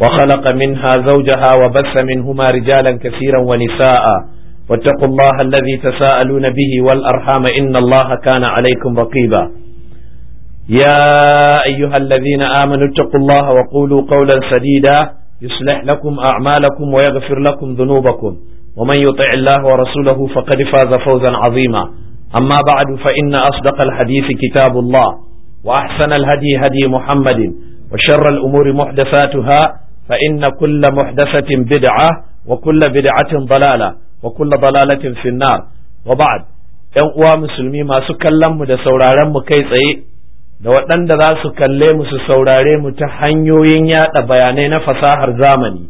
وخلق منها زوجها وبث منهما رجالا كثيرا ونساء واتقوا الله الذي تساءلون به والأرحام إن الله كان عليكم رقيبا يا أيها الذين آمنوا اتقوا الله وقولوا قولا سديدا يصلح لكم أعمالكم ويغفر لكم ذنوبكم ومن يطع الله ورسوله فقد فاز فوزا عظيما أما بعد فإن أصدق الحديث كتاب الله وأحسن الهدي هدي محمد وشر الأمور محدثاتها فإن كل محدثة بدعة وكل بدعة ضلالة وكل ضلالة في النار وبعد ‘yan uwa musulmi masu kallon mu da sauraren mu kai tsaye da waɗanda za su kalle mu su saurare mu ta hanyoyin yaɗa bayanai na fasahar zamani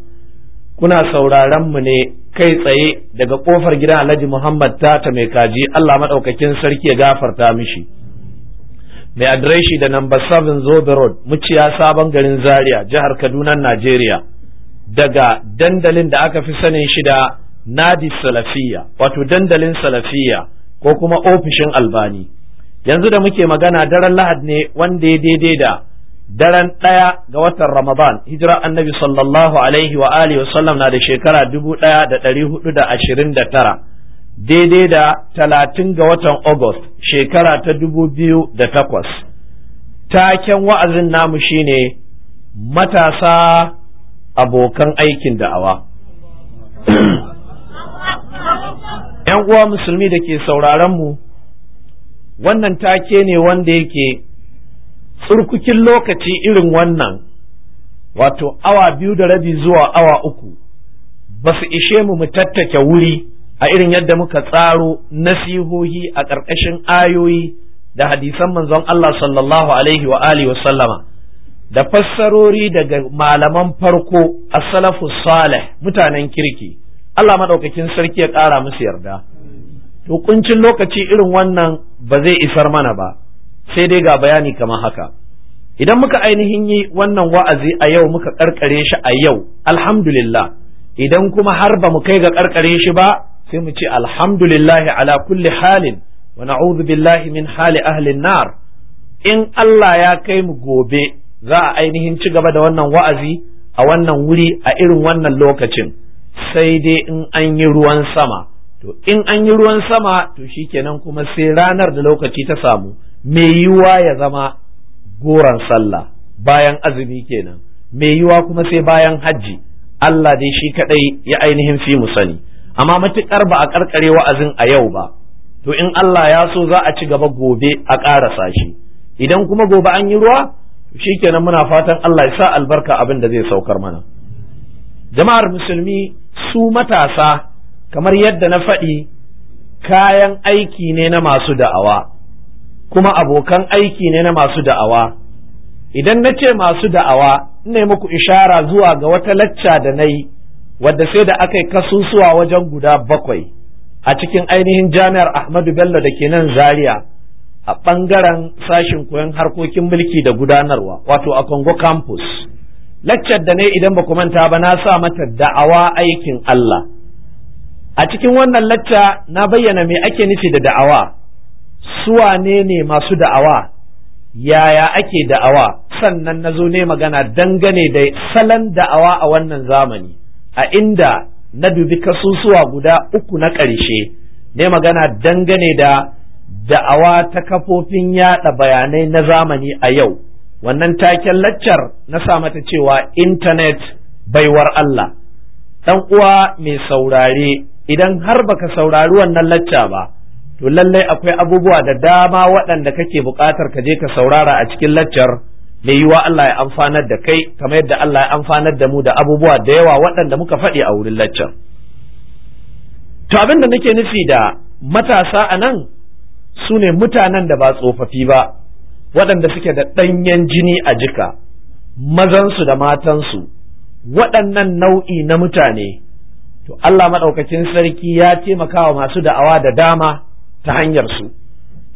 kuna sauraren mu ne kai tsaye daga ƙofar gidan Alhaji Muhammad Tata mai kaji Allah maɗaukakin sarki ya gafarta mishi mai adireshi da number 7 zobe road muciya sabon garin zaria jihar kaduna najeriya daga dandalin da aka fi sanin shi da nadi salafiya wato dandalin salafiya ko kuma ofishin albani yanzu da muke magana daren lahad ne wanda ya daidai da daren ɗaya ga watan ramadan hijira annabi sallallahu alaihi wa alihi na da shekara dubu ɗaya da ɗari hudu da ashirin da tara daidai da talatin ga watan August shekara ta dubu biyu da takwas. Taken wa'azin namu shine matasa abokan aikin da'awa. ‘Yan uwa musulmi da ke sauraronmu, wannan take ne wanda yake tsurkukin lokaci irin wannan, wato awa biyu da rabi zuwa awa uku, ba su ishe mu mu tattake wuri. a irin yadda muka tsaro nasihohi a ƙarƙashin ayoyi da hadisan manzon Allah sallallahu alaihi wa alihi wa sallama da fassarori daga malaman farko a salafu salih mutanen kirki Allah madaukakin sarki ya ƙara musu yarda to kuncin lokaci irin wannan ba zai isar mana ba sai dai ga bayani kamar haka idan muka ainihin yi wannan wa'azi a yau muka karkare shi a yau alhamdulillah idan kuma har ba mu kai ga karkare shi ba sai mu ce alhamdulillahi ala kulli halin wa na'udhu billahi min hali ahli nar in Allah ya kai mu gobe za a ainihin ci gaba da wannan wa'azi a wannan wuri a irin wannan lokacin sai dai in an yi ruwan sama to in an yi ruwan sama to shikenan kuma sai ranar da lokaci ta samu mai yiwuwa ya zama goron sallah bayan azumi kenan mai yiwuwa kuma sai bayan hajji Allah dai shi kadai ya ainihin fi mu sani amma matukar ba a karkare wa'azin a yau ba to in Allah ya so za a ci gaba gobe a ƙarasa shi idan kuma gobe an yi ruwa shikenan muna fatan Allah ya sa albarka abin da zai saukar mana jama'ar musulmi su matasa kamar yadda na faɗi kayan aiki ne na masu da'awa kuma abokan aiki ne na masu da'awa idan na ce masu da'awa ina muku ishara zuwa ga wata lacca da na yi wadda sai da aka yi kasusuwa wajen guda bakwai a cikin ainihin jami'ar Ahmadu Bello da ke nan Zaria a ɓangaren sashin koyon harkokin mulki da gudanarwa wato a Congo campus. Laccar da ne idan ba manta ba na sa mata da'awa aikin Allah. A cikin wannan lacca na bayyana me ake nufi da da'awa, Su ne ne masu da'awa, yaya ake da'awa, sannan na zo ne magana dangane da salon da'awa a wannan zamani. a inda na dubi kasusuwa guda uku na ƙarshe ne magana dangane da da'awa ta kafofin yaɗa bayanai na zamani a yau wannan taken laccar na sa mata cewa intanet baiwar Allah dan uwa mai saurare idan har baka saurari wannan lacca ba to lallai akwai abubuwa da dama waɗanda kake buƙatar ka je ka saurara a cikin laccar mai yiwa Allah ya amfanar da kai kamar yadda Allah ya amfanar da mu da abubuwa da yawa waɗanda muka faɗi a wurin laccan to abin da nake nufi da matasa a nan su ne mutanen da ba tsofaffi ba waɗanda suke da ɗanyen jini a jika mazansu da matansu waɗannan nau'i na mutane to Allah maɗaukakin sarki ya taimaka wa masu da'awa da dama ta hanyar su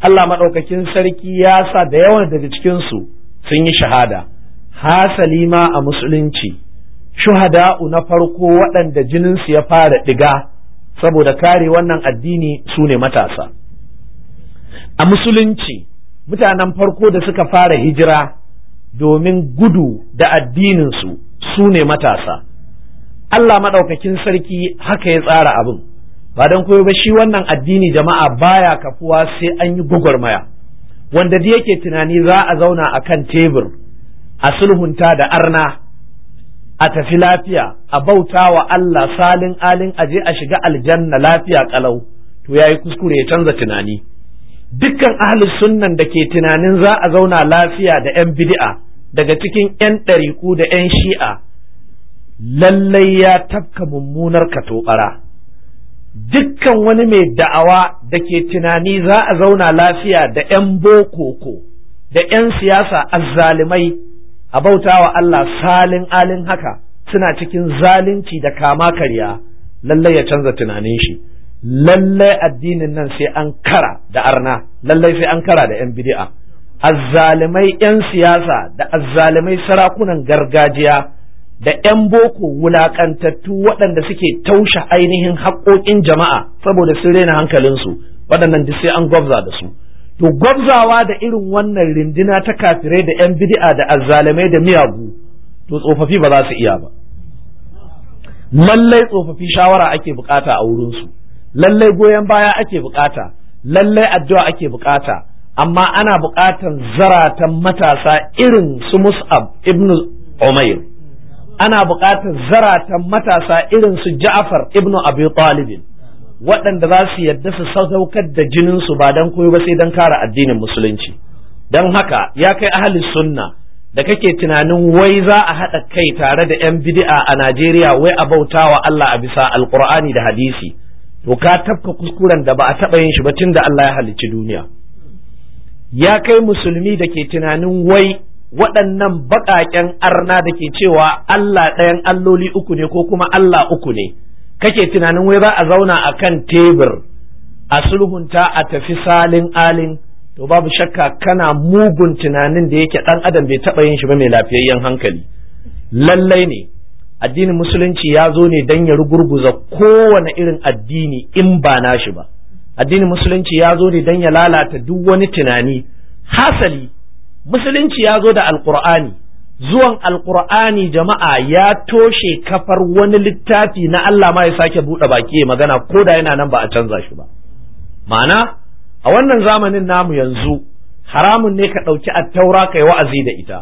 Allah maɗaukakin sarki ya sa da yawan daga cikinsu sun yi shahada hasali ma a musulunci shuhada'u na farko waɗanda jininsu ya fara ɗiga saboda kare wannan addini su ne matasa a musulunci mutanen farko da suka fara hijira domin gudu da addininsu su ne matasa Allah maɗaukakin sarki haka ya tsara abin ba don koyo ba shi wannan addini jama'a baya kafuwa sai an yi gwagwarmaya wanda da yake tunani za a zauna a kan tebur a sulhunta da arna a tafi lafiya a bauta wa Allah salin alin aje a shiga aljanna lafiya kalau to yayi kuskure ya canza tunani dukkan ahlus sunnan da ke tunanin za a zauna lafiya da yan bid'a daga cikin yan ɗariku da yan shi'a lallai ya tafka mummunar katobara dukkan wani mai da'awa da ke tunani za a zauna lafiya da 'yan bokoko da 'yan siyasa azzalimai a bauta wa Allah salin alin haka suna cikin zalunci da kama karya lallai ya canza tunanin shi lallai addinin nan sai an kara da arna lallai sai an kara da 'yan bidi'a. azzalimai 'yan siyasa da azzalimai sarakunan gargajiya da 'yan boko wulaƙantattu waɗanda suke taushe ainihin haƙoƙin jama'a saboda sun rena hankalinsu waɗannan duk sai an gwabza da su to gwabzawa da irin wannan rindina ta kafirai da 'yan bid'a da azzalamai da miyagu to tsofaffi ba za su iya ba lallai tsofaffi shawara ake bukata a wurinsu lallai goyon baya ake bukata lallai addu'a ake bukata amma ana bukatan zaratan matasa irin su mus'ab ibnu umair ana buƙatar zaratan matasa irin su Ja'far ibn Abi Talib waɗanda za su yadda su sadaukar da jinin su ba dan koyo ba sai dan kare addinin musulunci dan haka ya kai ahli sunna da kake tunanin wai za a haɗa kai tare da 'yan bid'a a Najeriya wai a bauta wa Allah a bisa alqur'ani da hadisi to ka tafka kuskuren da ba a taɓa yin shi ba tun da Allah ya halicci duniya ya kai musulmi da ke tunanin wai waɗannan baƙaƙen arna da ke cewa Allah ɗayan alloli uku ne ko kuma Allah uku ne kake tunanin wai za a zauna a kan tebur a sulhunta a tafi salin alin to babu shakka kana mugun tunanin da yake ɗan adam bai taɓa yin shi ba mai lafiyayyen hankali lallai ne addinin musulunci ya zo ne don ya rugurguza kowane irin addini in ba nashi ba addinin musulunci ya zo ne don ya lalata duk wani tunani hasali musulunci ya zo da alqur'ani zuwan alqur'ani jama'a ya toshe kafar wani littafi na Allah ma ya sake buɗe baki magana ko da yana nan ba a canza shi ba ma'ana a wannan zamanin namu yanzu haramun ne ka ɗauki attaura kai wa'azi da ita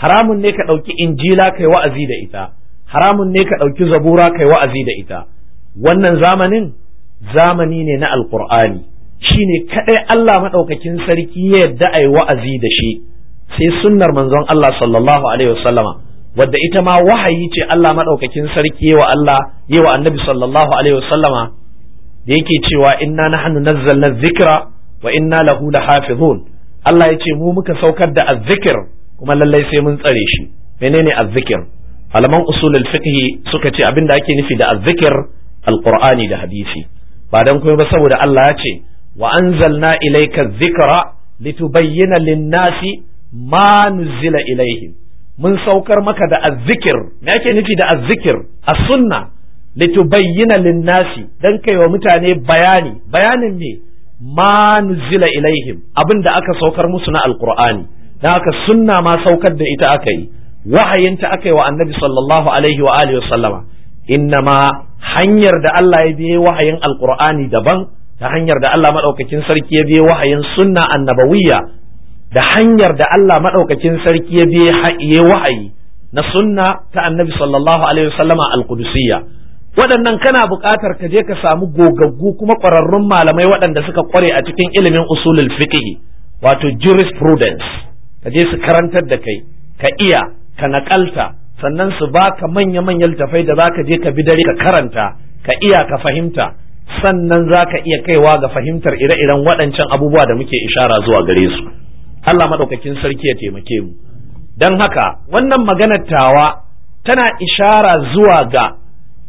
haramun ne ka ɗauki injila kai wa'azi da ita haramun ne ka ɗauki zabura kai wa'azi da ita wannan zamanin zamani ne na alqur'ani shine kadai Allah madaukakin sarki ya yadda ai wa'azi da shi sai sunnar manzon Allah sallallahu alaihi wasallama wadda ita ma wahayi ce Allah madaukakin sarki wa Allah annabi sallallahu alaihi wasallama da yake cewa inna nahnu nazzalna dhikra wa inna lahu lahafizun Allah ya ce mu muka saukar da azzikir kuma lallai sai mun tsare shi menene azzikir malaman usulul fiqh suka ce abinda ake nufi da azzikir alqur'ani da hadisi ba dan kuma ba saboda Allah ya ce wa ilaika ilayka dhikra litubayyana lin-nasi ma nuzila ilaihim mun saukar maka da azikir me ake nufi da azikir a sunna litubayyana lin-nasi dan kai wa mutane bayani bayanin me ma nuzila ilaihim abinda aka saukar musu na alkur'ani naka sunna ma saukar da ita akayi. yi wahayinta akayi wa annabi sallallahu alaihi wa alihi wasallama innama hanyar da Allah ya biye wahayin alkur'ani daban ta hanyar da Allah maɗaukakin sarki ya biye wahayin sunna annabawiyya da hanyar da Allah maɗaukakin sarki ya biye wahayi na sunna ta annabi sallallahu alaihi wasallama alqudusiyya waɗannan kana buƙatar ka je ka samu gogaggu kuma ƙwararrun malamai waɗanda suka ƙware a cikin ilimin usulul fiqh wato jurisprudence ka je su karantar da kai ka iya ka naƙalta sannan su baka manya-manyan littafai da ka je ka bi dare ka karanta ka iya ka fahimta sannan za ka iya kaiwa ga fahimtar ire-iren waɗancan abubuwa da muke ishara zuwa gare su Allah maɗaukakin sarki ya taimake mu don haka wannan maganar tawa tana ishara zuwa ga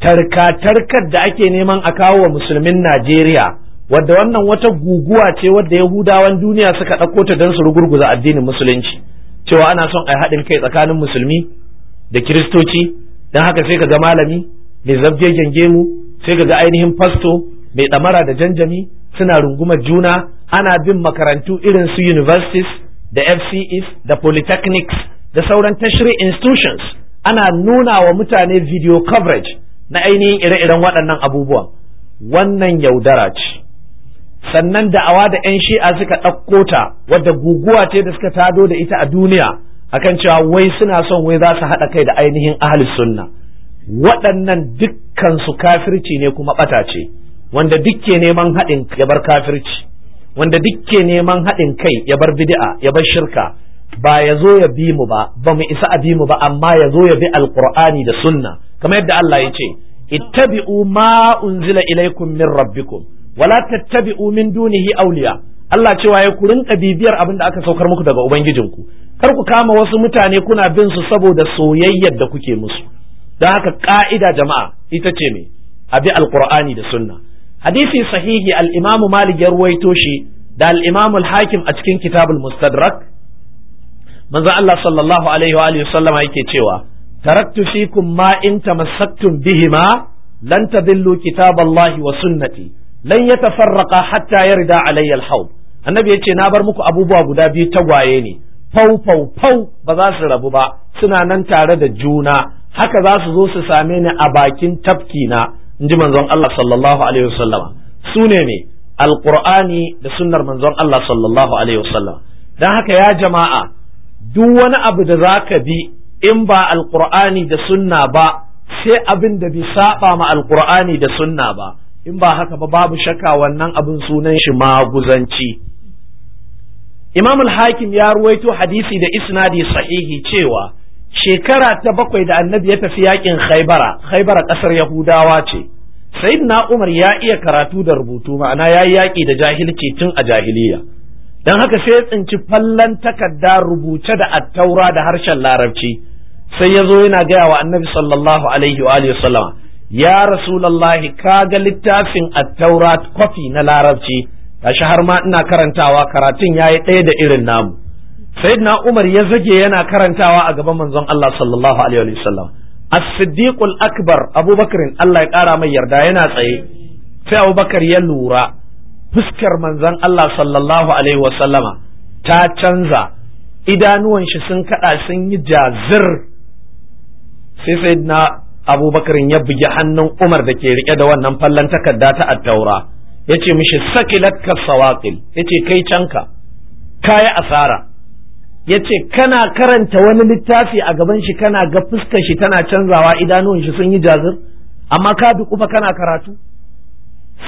tarka-tarkar da ake neman a kawo wa musulmin Najeriya wadda wannan wata guguwa ce wadda Yahudawan duniya suka ɗauko ta don su rugurguza addinin musulunci cewa ana son a haɗin kai tsakanin musulmi da kiristoci don haka sai ka ga malami mai zabjejen mu, sai ka ga ainihin fasto mai ɗamara da janjami suna rungumar juna ana bin makarantu irin su universities da fces da polytechnics da sauran tertiary institutions ana nuna wa mutane video coverage na ainihin ire-iren waɗannan abubuwan wannan yaudara ce sannan da'awa da 'yan shi'a suka ɗauko ta wadda guguwa ce da suka tado da ita a duniya akan cewa wai suna son wai za su haɗa kai da ainihin ahli sunna waɗannan dukkan su kafirci ne kuma ɓata ce wanda dukke neman haɗin ya bar kafirci wanda dukke neman haɗin kai ya bar bid'a ya bar shirka ba ya zo ya bi mu ba ba mu isa a bi mu ba amma ya zo ya bi alqur'ani da sunna kamar yadda Allah ya ce ittabi'u ma unzila ilaykum min rabbikum wala tattabi'u min dunihi awliya Allah cewa ya ku rinka bibiyar abin da aka saukar muku daga ubangijinku kar ku kama wasu mutane kuna bin su saboda soyayyar da kuke musu don haka ka'ida jama'a ita ce me a bi alqur'ani da sunna hadisi sahihi Al'imamu malik ya ruwaito da al-imamu hakim a cikin kitabul mustadrak manzo Allah sallallahu alaihi wa alihi sallama yake cewa taraktu fikum ma in tamassaktum bihima lan tadillu kitaballahi wa sunnati lan yatafarraqa hatta yarda alayya al-hawd annabi yace na bar muku abubuwa guda biyu tagwaye ne fau fau fau ba za su rabu ba suna nan tare da juna haka za su zo su same ni a bakin tafki in ji manzon Allah sallallahu alaihi wasallama su ne ne alqur'ani da sunnar manzon Allah sallallahu alaihi wasallama dan haka ya jama'a duk wani abu da za ka bi in ba Alƙur'ani da sunna ba sai abin da bi saba ma Alƙur'ani da sunna ba in ba haka ba babu shakka wannan abin sunan shi maguzanci Imam al-Hakim ya ruwaito hadisi da isnadi sahihi cewa shekara ta bakwai da annabi ya tafi yakin khaibara khaibara kasar yahudawa ce na Umar ya iya karatu da rubutu ma'ana ya yi yaƙi da jahilci tun a jahiliya don haka sai ya tsinci fallon takarda rubuce da attaura da harshen larabci sai ya zo yana gaya wa annabi sallallahu alaihi wa sallama ya rasulallahi ga littafin attaura kwafi na larabci gashi har ma ina karantawa karatun ya yi ɗaya da irin namu sayyidina Umar ya zage yana karantawa a gaban manzon Allah sallallahu alaihi wa sallama as-siddiqul akbar abubakarin Allah ya ƙara mai yarda yana tsaye sai abubakar ya lura fuskar manzon Allah sallallahu alaihi ta canza idanuwan shi sun kaɗa sun yi jazir sai sai na Abubakar ya bugi hannun umar da ke rike da wannan fallon takarda ta attaura ya ce mishi sakilat ka sawaqil ya ce kai canka kaya asara ya ce kana karanta wani littafi a gaban shi kana ga fuskar shi tana canzawa idanuwan shi sun yi jazir amma ka bi kufa kana karatu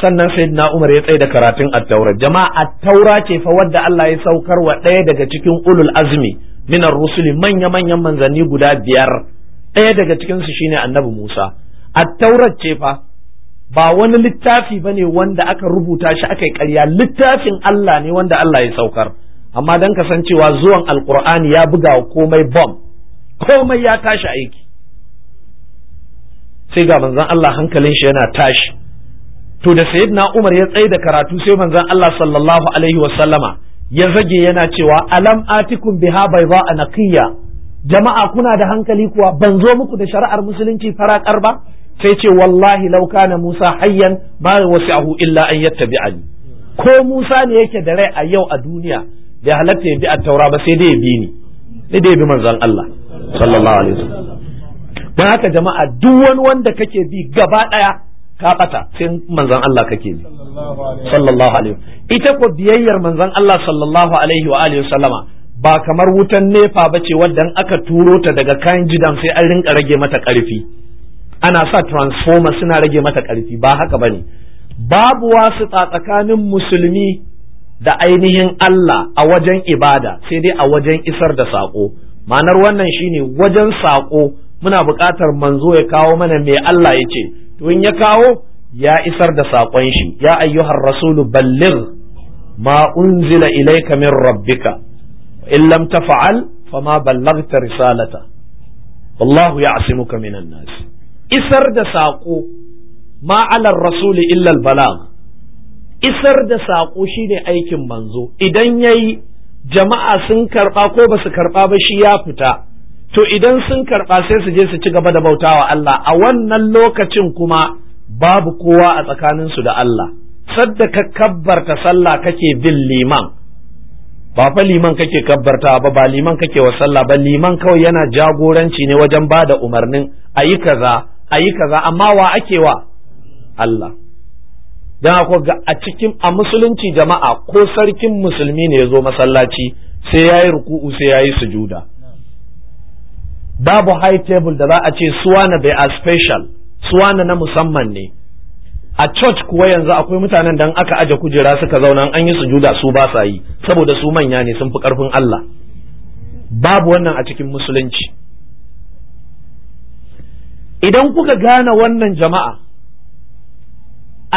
sannan na Umar ya tsaye da karatun attaura jama'a attaura ce fa wadda Allah ya saukar wa ɗaya daga cikin ulul azmi minar rusuli manya manyan manzanni guda biyar ɗaya daga cikin su shine annabi Musa attaura ce fa ba wani littafi bane wanda aka rubuta shi aka yi ƙarya littafin Allah ne wanda Allah ya saukar amma dan kasancewa zuwan alkur'ani ya buga wa komai bom komai ya tashi aiki sai ga manzon Allah hankalin shi yana tashi to da na Umar ya tsaye da karatu sai manzon Allah sallallahu alaihi wa sallama ya zage yana cewa alam atikum biha bai bayza anaqiya jama'a kuna da hankali kuwa ban zo muku da shari'ar musulunci farakar ba sai ce wallahi lauka na Musa hayyan wasu ahu illa an yattabi'ani ko Musa ne yake da rai a yau a duniya bai halatta ya bi a taura ba sai dai ya bi ni sai dai ya bi manzon Allah sallallahu alaihi wasallam haka jama'a duk wani wanda kake bi gaba daya ka bata sai manzon Allah kake bi sallallahu alaihi ita ko biyayyar manzon Allah sallallahu alaihi wa alihi wasallama ba kamar wutan nefa ba ce wadda aka turo ta daga kayan gidan sai an rinka rage mata karfi ana sa transformer suna rage mata karfi ba haka bane babu wasu tsakanin musulmi da ainihin Allah a wajen ibada sai dai a wajen isar da saƙo ma'anar wannan shine wajen saƙo muna buƙatar manzo ya kawo mana mai Allah ya ce to in ya kawo ya isar da saƙon shi ya ayyuhar rasulu ballir ma unzila ilayka min rabbika in lam tafa'al fama ballaghta risalata wallahu ya'simuka minan nas isar da saƙo ma alar rasuli illa al balagh isar da saƙo shine aikin manzo idan ya yi jama'a sun karɓa ko ba su karɓa ba shi ya fita to idan sun karɓa sai su je su ci gaba da bautawa Allah a wannan lokacin kuma babu kowa a tsakaninsu da Allah sadda ka kabbarta sallah kake bin liman ba fa liman kake kabbarta ba ba liman kake wa sallah ba liman kawai yana jagoranci ne wajen ba da umarnin ayi kaza ayi kaza amma wa ake wa Allah Dan akwai ga a cikin a musulunci jama'a ko sarkin musulmi ne ya zo masallaci sai ya yi ruku'u sai ya yi sujuda babu high table da za a ce suwana bai a special suwana na musamman ne a church kuwa yanzu akwai mutanen dan aka aje kujera suka zauna an yi sujuda su ba sa yi saboda su manya ne sun fi karfin Allah babu wannan a cikin musulunci idan kuka gane wannan jama'a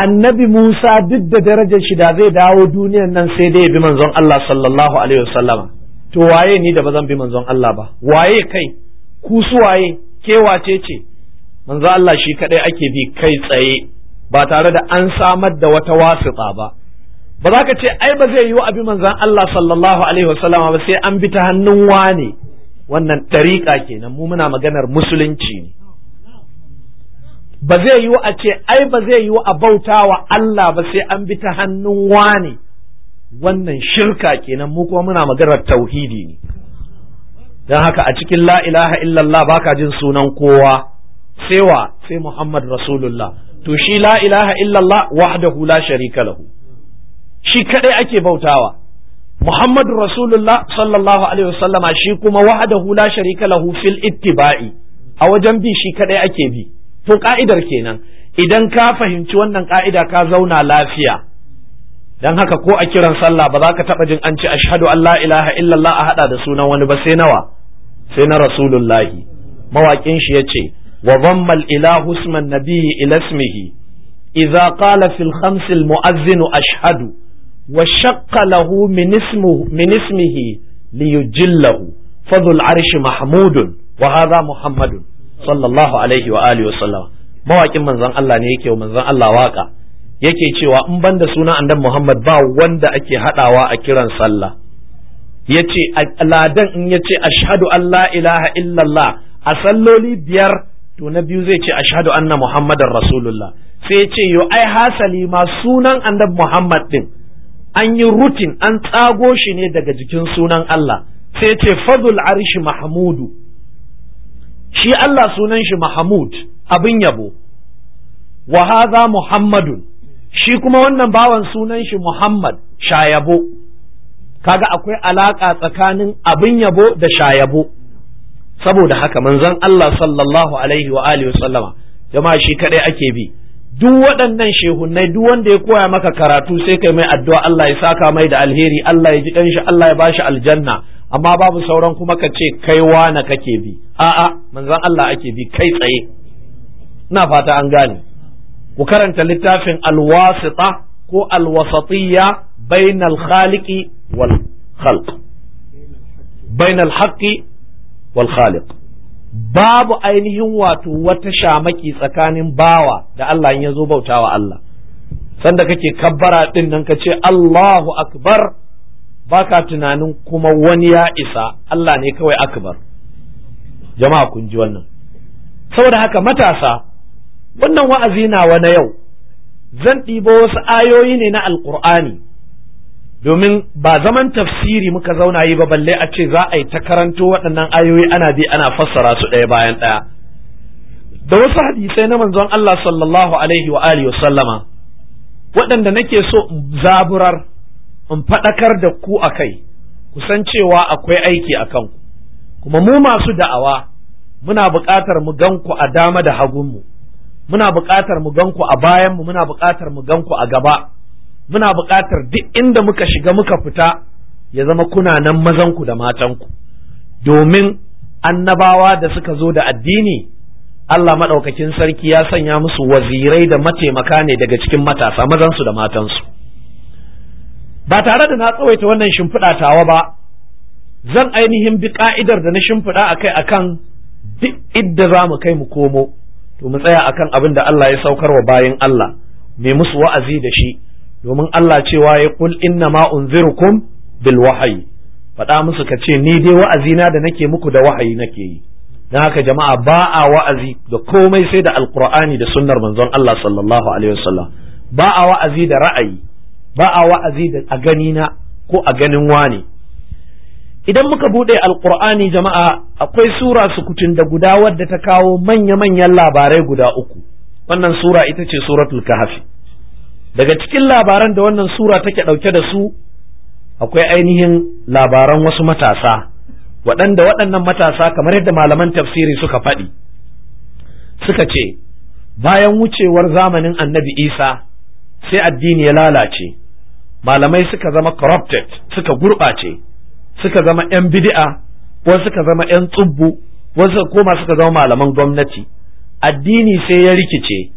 annabi Musa duk da darajar shi da zai dawo duniyan nan sai dai ya bi manzon Allah sallallahu alaihi wasallama to waye ni da bazan bi manzon Allah ba waye kai ku su waye ke wace ce manzon Allah shi kadai ake bi kai tsaye ba tare da an samar da wata wasiƙa ba ba za ka ce ai ba zai yiwu bi manzon Allah sallallahu alaihi wasallama ba sai an bi ta hannun wane wannan tariƙa kenan mu muna maganar musulunci ne ba zai yiwu a ce ai ba zai yiwu a bauta wa Allah ba sai an bi ta hannun wane wannan shirka kenan mu kuma muna maganar tauhidi ne don haka a cikin la ilaha illallah ba ka jin sunan kowa sai wa sai Muhammad Rasulullah to shi la ilaha illallah wahdahu la sharika lahu shi kadai ake bautawa Muhammadu Rasulullah sallallahu alaihi wasallama shi kuma wahdahu la sharika lahu fil ittiba'i a wajen bi shi kadai ake bi to ka'idar kenan idan ka fahimci wannan ka'ida ka zauna lafiya dan haka ko a kiran sallah ba za ka taba jin an ci ashhadu an la ilaha illallah a hada da sunan wani ba sai nawa sai na rasulullahi mawaƙin shi yace wa dhamma al ilahu isman nabiyyi ila ismihi idza qala fil khams al muazzin ashhadu wa shaqqa lahu min ismihi min ismihi liyujillahu fadhul arshi mahmudun wa hadha muhammadun sallallahu alaihi wa alihi wasallam mawakin manzon Allah ne yake manzon Allah waka yake cewa in banda sunan annabi Muhammad ba wanda ake hadawa a kiran sallah yace al'adan in yace ashhadu an la ilaha illallah a salloli biyar to na biyu zai ce ashhadu anna muhammadar rasulullah sai yace yo ai hasali ma sunan annabi muhammad din an yi rutin an tsago shi ne daga jikin sunan Allah sai ce fadul arshi mahmudu shi Allah sunan shi Mahmud abin yabo wa hadha Muhammadun shi kuma wannan bawan sunan shi Muhammad shayabo kaga akwai alaka tsakanin abin yabo da shayabo saboda haka manzon Allah sallallahu alaihi wa alihi sallama jama'a shi kadai ake bi duk waɗannan shehunnai duk wanda ya koya maka karatu sai kai mai addu'a Allah ya saka mai da alheri Allah ya ji kanshi Allah ya bashi aljanna amma babu sauran kuma ka ce kai wane kake bi a'a manzon Allah ake bi kai tsaye ina fata an gane ku karanta littafin alwasita ko alwasatiyya bainal khaliqi wal khalq bainal haqqi wal khaliq babu ainihin wato wata shamaki tsakanin bawa da Allah in ya bautawa Allah sanda kake kabbara din nan ka ce Allahu akbar baka tunanin kuma wani ya isa Allah ne kawai akbar jama'a kun ji wannan saboda haka matasa wannan wa'azi nawa na yau zan ɗibo wasu ayoyi ne na alkur'ani domin ba zaman tafsiri muka zauna yi ba balle a ce za a yi ta karanto waɗannan ayoyi ana bi ana fassara su ɗaya bayan ɗaya da wasu hadisai na manzon Allah sallallahu alaihi wa alihi sallama waɗanda nake so zaburar in faɗakar da ku a kai ku san cewa akwai aiki a kanku kuma mu masu da'awa muna buƙatar mu gan ku a dama da hagunmu muna buƙatar mu gan ku a bayanmu muna buƙatar mu gan ku a gaba muna buƙatar duk inda muka shiga muka fita ya zama kuna nan mazanku da matanku domin annabawa da suka zo da addini Allah maɗaukakin sarki ya sanya musu wazirai da mataimaka ne daga cikin matasa mazansu da matansu ba tare da na tsawaita wannan shimfiɗa tawa ba zan ainihin bi ka'idar da na shimfiɗa a kai akan duk idda za mu kai mu komo to mu tsaya akan abin da Allah ya saukar wa bayan Allah mai musu wa'azi da shi domin Allah cewa ya kul inna ma unzirukum bil wahayi faɗa musu ka ce ni dai wa'azina da nake muku da wahayi nake yi don haka jama'a ba a wa'azi da komai sai da alqur'ani da sunnar manzon Allah sallallahu alaihi wasallam ba a wa'azi da ra'ayi ba a wa'azi da a gani na ko a ganin wani idan muka bude Alkur'ani jama'a akwai sura sukutun da guda wadda ta kawo manya-manyan labarai guda uku wannan sura ita ce suratul kahfi daga cikin labaran da wannan sura take ɗauke da su akwai ainihin labaran wasu matasa waɗanda waɗannan matasa kamar yadda malaman tafsiri suka faɗi suka ce bayan wucewar zamanin annabi isa sai addini ya lalace malamai suka zama corrupted suka gurɓace suka zama 'yan bid'a wasu suka zama 'yan tsubbu wasu koma suka zama malaman gwamnati addini sai ya rikice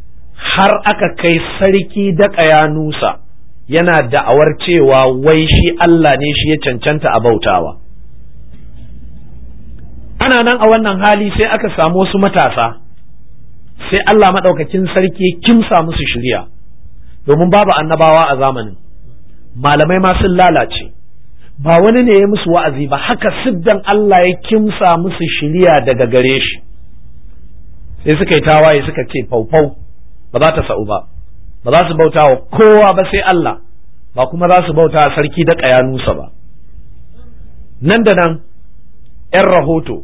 har aka kai sarki daƙa ya nusa yana da'awar cewa wai shi Allah ne shi ya cancanta a bautawa ana nan a wannan hali sai aka samu wasu matasa sai Allah maɗaukakin sarki kimsa musu shirya domin babu annabawa a zamanin malamai ma sun lalace ba wani ne ya musu wa'azi ba haka siddan Allah ya kimsa musu shiriya daga gare shi sai suka yi tawaye suka ce faufau ba za ta sa'u ba ba za su bauta wa kowa ba sai Allah ba kuma za su bauta sarki da ƙayanusa ba nan da nan 'yan rahoto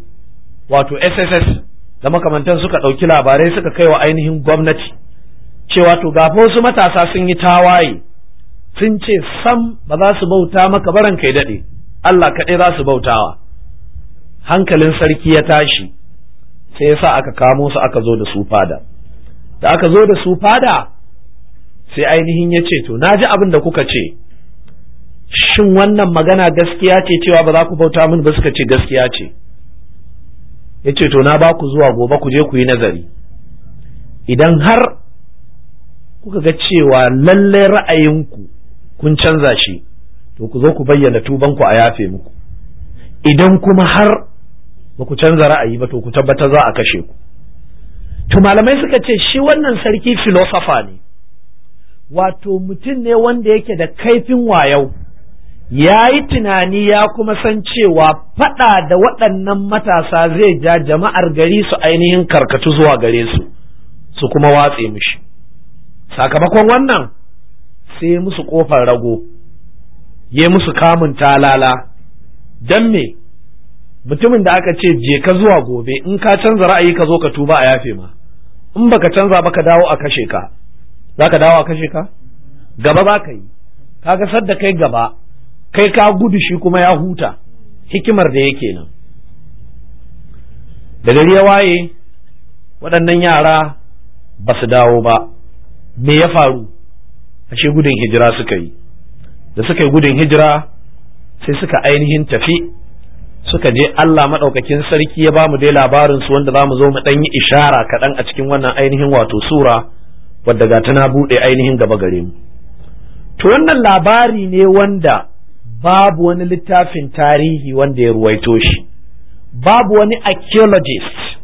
wato sss da makamantan suka ɗauki labarai suka kai wa ainihin gwamnati cewa to gafa wasu matasa sun yi tawaye sun ce sam ba za su bauta maka baran kai daɗe Allah kaɗai za su bautawa hankalin sarki ya tashi sai yasa aka kamo su aka zo da su fada da aka zo da su fada sai ainihin ya ce to na ji abin da kuka ce shin wannan magana gaskiya ce cewa ba za ku bauta min ba suka ce gaskiya ce ya ce to na ba ku zuwa gobe ku je ku yi nazari idan har kuka ga cewa lallai ra'ayinku kun canza shi to ku zo ku bayyana tubanku a yafe muku idan kuma har ba ku canza ra'ayi ba to ku tabbatar za a kashe ku to malamai suka ce shi wannan sarki filosofa ne wato mutum ne wanda yake da kaifin wayau ya yi tunani ya kuma san cewa faɗa da waɗannan matasa zai ja jama'ar gari su ainihin karkatu zuwa gare su su kuma watse mishi sakamakon wannan sai ya musu kofar rago ya musu kamun talala don me mutumin da aka ce je ka zuwa gobe in ka canza ra'ayi ka zo ka tuba a yafe ma in baka canza ba ka dawo a kashe ka za ka dawo a kashe ka gaba ba ka yi ka ga sadda kai gaba kai ka gudu shi kuma ya huta hikimar da yake nan da gari ya waye waɗannan yara ba su dawo ba me ya faru ashe gudun hijira suka yi da suka yi gudun hijira sai suka ainihin tafi suka je Allah maɗaukakin sarki ya ba mu dai labarin su wanda mu zo mu ɗan yi ishara kaɗan a cikin wannan ainihin wato sura wadda ga tana buɗe ainihin gaba gare mu to wannan labari ne wanda babu wani littafin tarihi wanda ya ruwaito shi babu wani archaeologist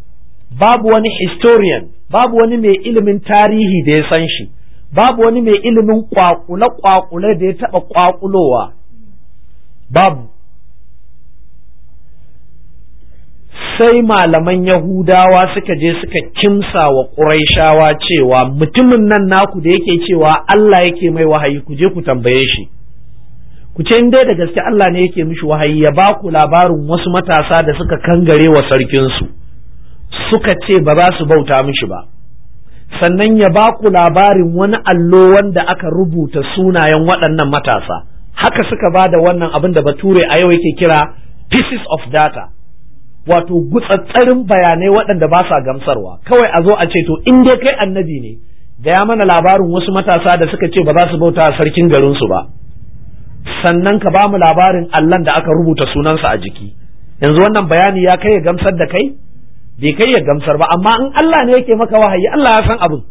babu wani historian babu wani mai ilimin tarihi da ya san shi babu wani mai ilimin kwakule kwakule da ya taɓa kwakulowa babu sai malaman Yahudawa suka je suka kimsa wa ƙuraishawa cewa mutumin nan naku da yake cewa Allah yake mai wahayi ku je ku tambaye shi ku ce in da gaske Allah ne yake mishi wahayi ya ba ku labarin wasu matasa da suka kangare wa sarkinsu suka ce ba za su bauta mishi ba sannan ya ba ku labarin wani allo wanda aka rubuta sunayen waɗannan matasa haka suka ba da wannan abin da bature a yau yake kira pieces of data wato gutsattsarin bayanai waɗanda ba sa gamsarwa kawai a zo a ce to in dai kai annabi ne ya mana labarin wasu matasa da suka ce ba za su bauta sarkin garinsu ba sannan ka ba mu labarin allan da aka rubuta sunansa a jiki yanzu wannan bayani ya kai ya gamsar da kai bai kai ya gamsar ba amma in Allah ne yake maka wahayi Allah ya san abin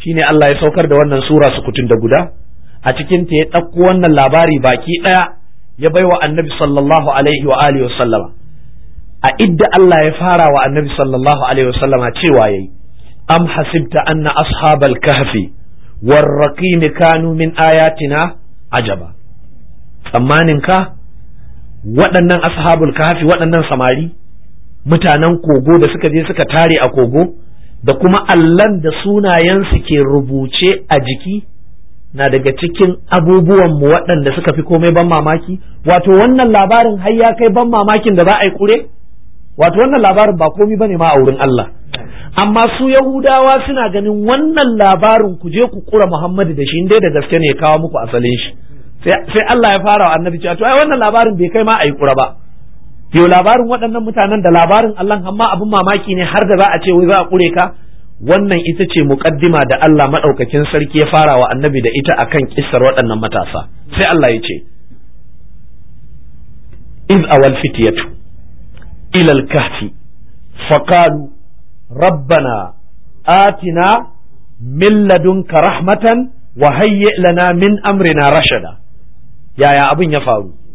shine Allah ya saukar da wannan sura su kutun da guda a cikin ta ya ɗauko wannan labari baki ɗaya ya baiwa annabi sallallahu alaihi wa alihi wa sallama a idda Allah ya fara wa annabi sallallahu alaihi wa sallama cewa yayi am hasibta anna ashabal kahfi raqim kanu min ayatina ajaba tsammanin ka waɗannan ashabul kahfi waɗannan samari mutanen kogo da suka je suka tare a kogo da kuma allan da sunayensu ke rubuce a jiki na daga cikin abubuwan mu waɗanda suka fi komai ban mamaki wato wannan labarin har ya kai ban mamakin da za a yi kure wato wannan labarin ba komi bane ma a wurin Allah amma su Yahudawa suna ganin wannan labarin ku je ku kura Muhammadu da shi dai da gaske ne ya kawo muku asalin shi sai Allah ya fara wa annabi cewa to ai wannan labarin bai kai ma a yi kura ba Yau labarin waɗannan mutanen da labarin Allah amma abin mamaki ne har da za a ce wai za a kure ka wannan ita ce muqaddima da Allah madaukakin sarki ya fara wa annabi da ita akan kissar waɗannan matasa sai Allah ya ce iz awal fityatu ila al-kahfi faqalu rabbana atina min ladunka rahmatan wa hayyi lana min amrina rashada yaya abin ya faru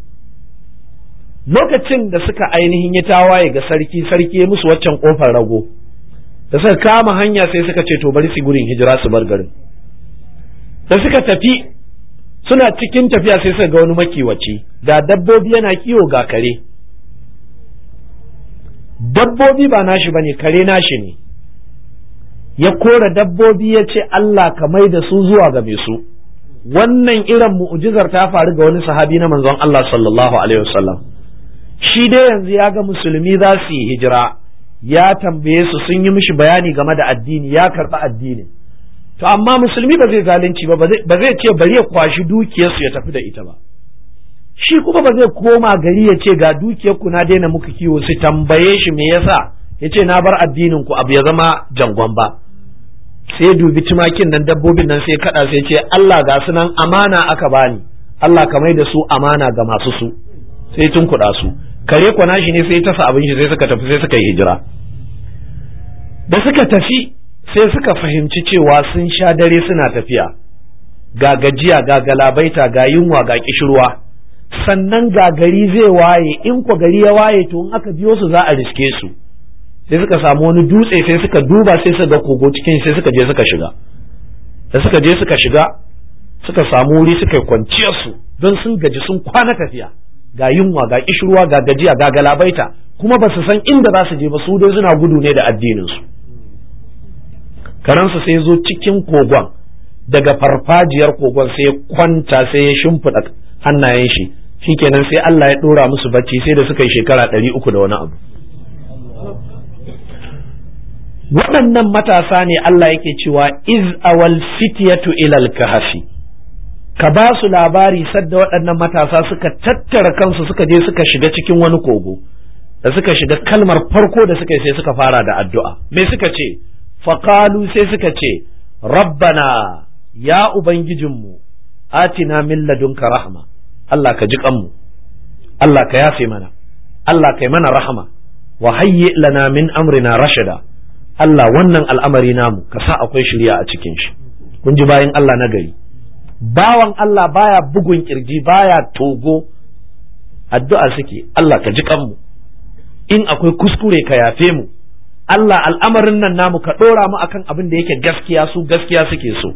lokacin da suka ainihin ya tawaye ga sarki sarki ya musu waccan kofar rago da suka kama hanya sai suka ce to bari su gurin hijira su bar garin da suka tafi suna cikin tafiya sai suka ga wani makiwaci Da dabbobi yana kiwo ga kare dabbobi ba nashi bane kare nashi ne ya kora dabbobi ya ce Allah ka mai da su zuwa ga su wannan irin mu'ujizar ta faru ga wani sahabi na manzon Allah sallallahu alaihi wasallam shi dai yanzu ya ga musulmi za su yi hijira ya tambaye su sun yi mishi bayani game da addini ya karɓi addinin to amma musulmi ba zai zalunci ba ba zai ce bari ya kwashi dukiyarsu ya tafi da ita ba shi kuma ba zai koma gari ya ce ga dukiyar ku na daina muku kiwo su tambaye shi me yasa ya ce na bar addinin ku abu ya zama jangon ba sai dubi tumakin nan dabbobin nan sai kaɗa sai ce Allah ga su nan amana aka bani Allah ka mai da su amana ga masu su sai tun kuɗa su kare kwana shi ne sai ta tasa abin shi sai suka tafi sai suka yi hijira da suka tafi sai suka fahimci cewa sun sha dare suna tafiya ga gajiya ga galabaita ga yunwa ga kishirwa sannan ga gari zai waye in ko gari ya waye to in aka biyo su za a riske su sai suka samu wani dutse sai suka duba sai suka ga kogo cikin sai suka je suka shiga da suka je suka shiga suka samu wuri suka kwanciyar su don sun gaji sun kwana tafiya ga yunwa ga kishirwa ga gajiya ga galabaita kuma ba su san inda za su je ba su dai suna gudu ne da addinin su sai zo cikin kogon daga farfajiyar kogon sai kwanta sai ya shimfiɗa hannayen shi shikenan sai Allah ya ɗora musu bacci sai da suka yi shekara ɗari uku da wani abu waɗannan matasa ne Allah yake cewa iz awal sitiyatu ilal kahasi ka ba su labari sadda waɗannan matasa suka tattara kansu suka je suka shiga cikin wani kogo da suka shiga kalmar farko da suka sai suka fara da addu'a me suka ce faqalu sai suka ce rabbana ya ubangijinmu atina min ladunka rahma Allah ka ji kanmu Allah ka yafe mana Allah kai mana rahama wa hayyi lana min amrina rashada Allah wannan al'amari namu ka sa akwai shirya a cikin shi kun ji bayan Allah na gari bawan Allah baya bugun kirji baya togo addu'a suke Allah ka ji kanmu in akwai kuskure ka yafe mu Allah al'amarin nan namu ka ɗora mu akan abin da yake gaskiya su gaskiya suke so